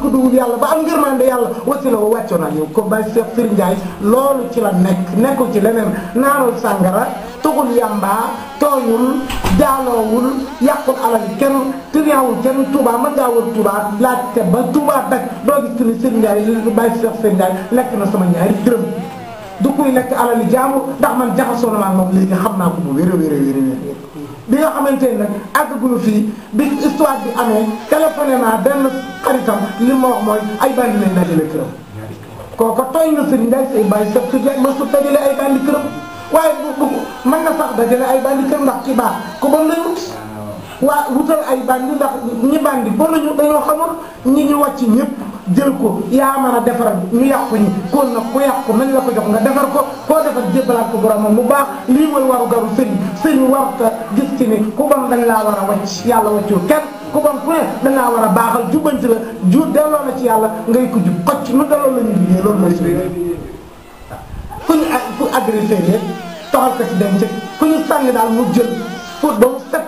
ku dugul yàlla ba am ngërmande yàlla wasiila woo Baye Cheikh Serigne Ndiaye loolu ci la nekk nekkul ci leneen naanul sàngara tuxul yàmbaa tooyul jaaloowul yàqul alal kenn tiriyaawul kenn Touba mën ngaa wër Touba laajte ba Touba dak doo gis ci ni Serigne Ndiaye Baye Cheikh Serigne Ndiaye lekk na sama ñaari dërëm du kuy lekk alali jaamu ndax man jaxasoo na maa moom léegi xam naa ko mu wér a wér bi nga xamante ne nag àgguñu fii bi histoire bi amee téléphoné naa benn xaritam li ma wax mooy ay bandi lañ kooka tooy na sëriñ daal say bàyyi saf sëriñ daal mosul dajale ay bandi këram waaye bu bu mën na sax dajale ay bandi këram ndax ci baax ku bon lay wut waa wutal ay bandi ndax ñi bandi bon lañu dañoo xamul ñi ñu wàcc ñëpp jël ko yaa mën a defar ñu yàqu ñi na nag ku yàqu nañ la ko jox nga defar ko koo defar jébbalaat ko boromam mu baax lii mooy waru garu sëñ sëñ warta gis ci ni ku bon dañ laa war a wàcc yàlla wàccul kenn ku bon ku ne dañ laa war a baaxal jubbanti la ju delloo na ci yàlla ngay ko jub xocc nu delloo la ñu liggéey loolu mooy suñu ku ñu ku agressé dem ci ku ñu sànni daal mu jël pour ba mu set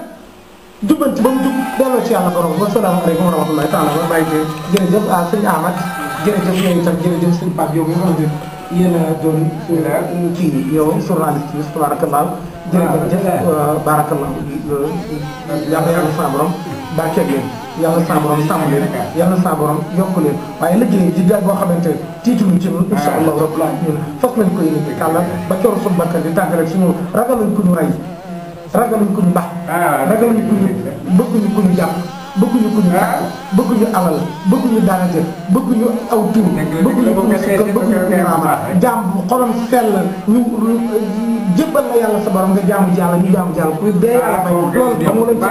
jubbanti ba mu jub delloo ci yàlla borom wasalaamaaleykum wa rahmatullahi taala wa barakatuh jërëjëf ah sëñ Amath jërëjëf yow itam jërëjëf sëñ Pape yow mi nga xam ne yéen a doon kii yow journaliste bi tabarakallah jërëjëf ah, ah. Ah, barakallah yàlla yokk leen waaye liggéey ji daal boo xamante ne tiituñu ci ñun incha allah rabbil alamin fas nañ ko yéene kàlla ba keroog suñu bakkan di tàggal ak suñu ragaluñ ku ñu rey ragaluñ ku ñu mbax ah. ragaluñ ku ñu bëgguñu ku ñu ku ñu jàpp bëgguñu ah. alal bëgguñu bëgg bëgguñu aw tur bëgguñu ku ñu sukk bëgguñu ku ñu maama jaam xolam sell ku dee ah, yàlla bay loolu amu lañ ci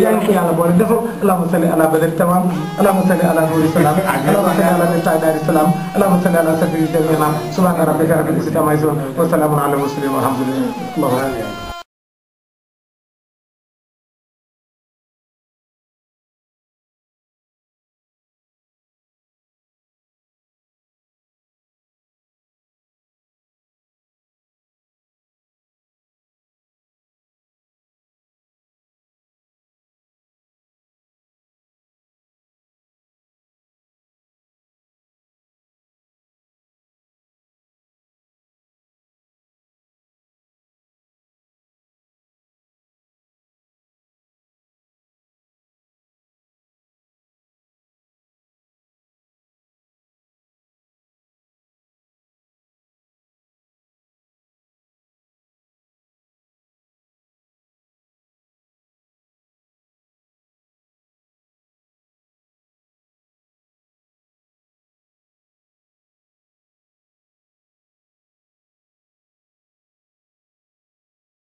jàmm yàlla ko yàlla boole defal allahumma salli ala badr tamam allahumma salli ala nuuri salaam allahumma salli ala nisa salaam allahumma salli ala safi wa salaamun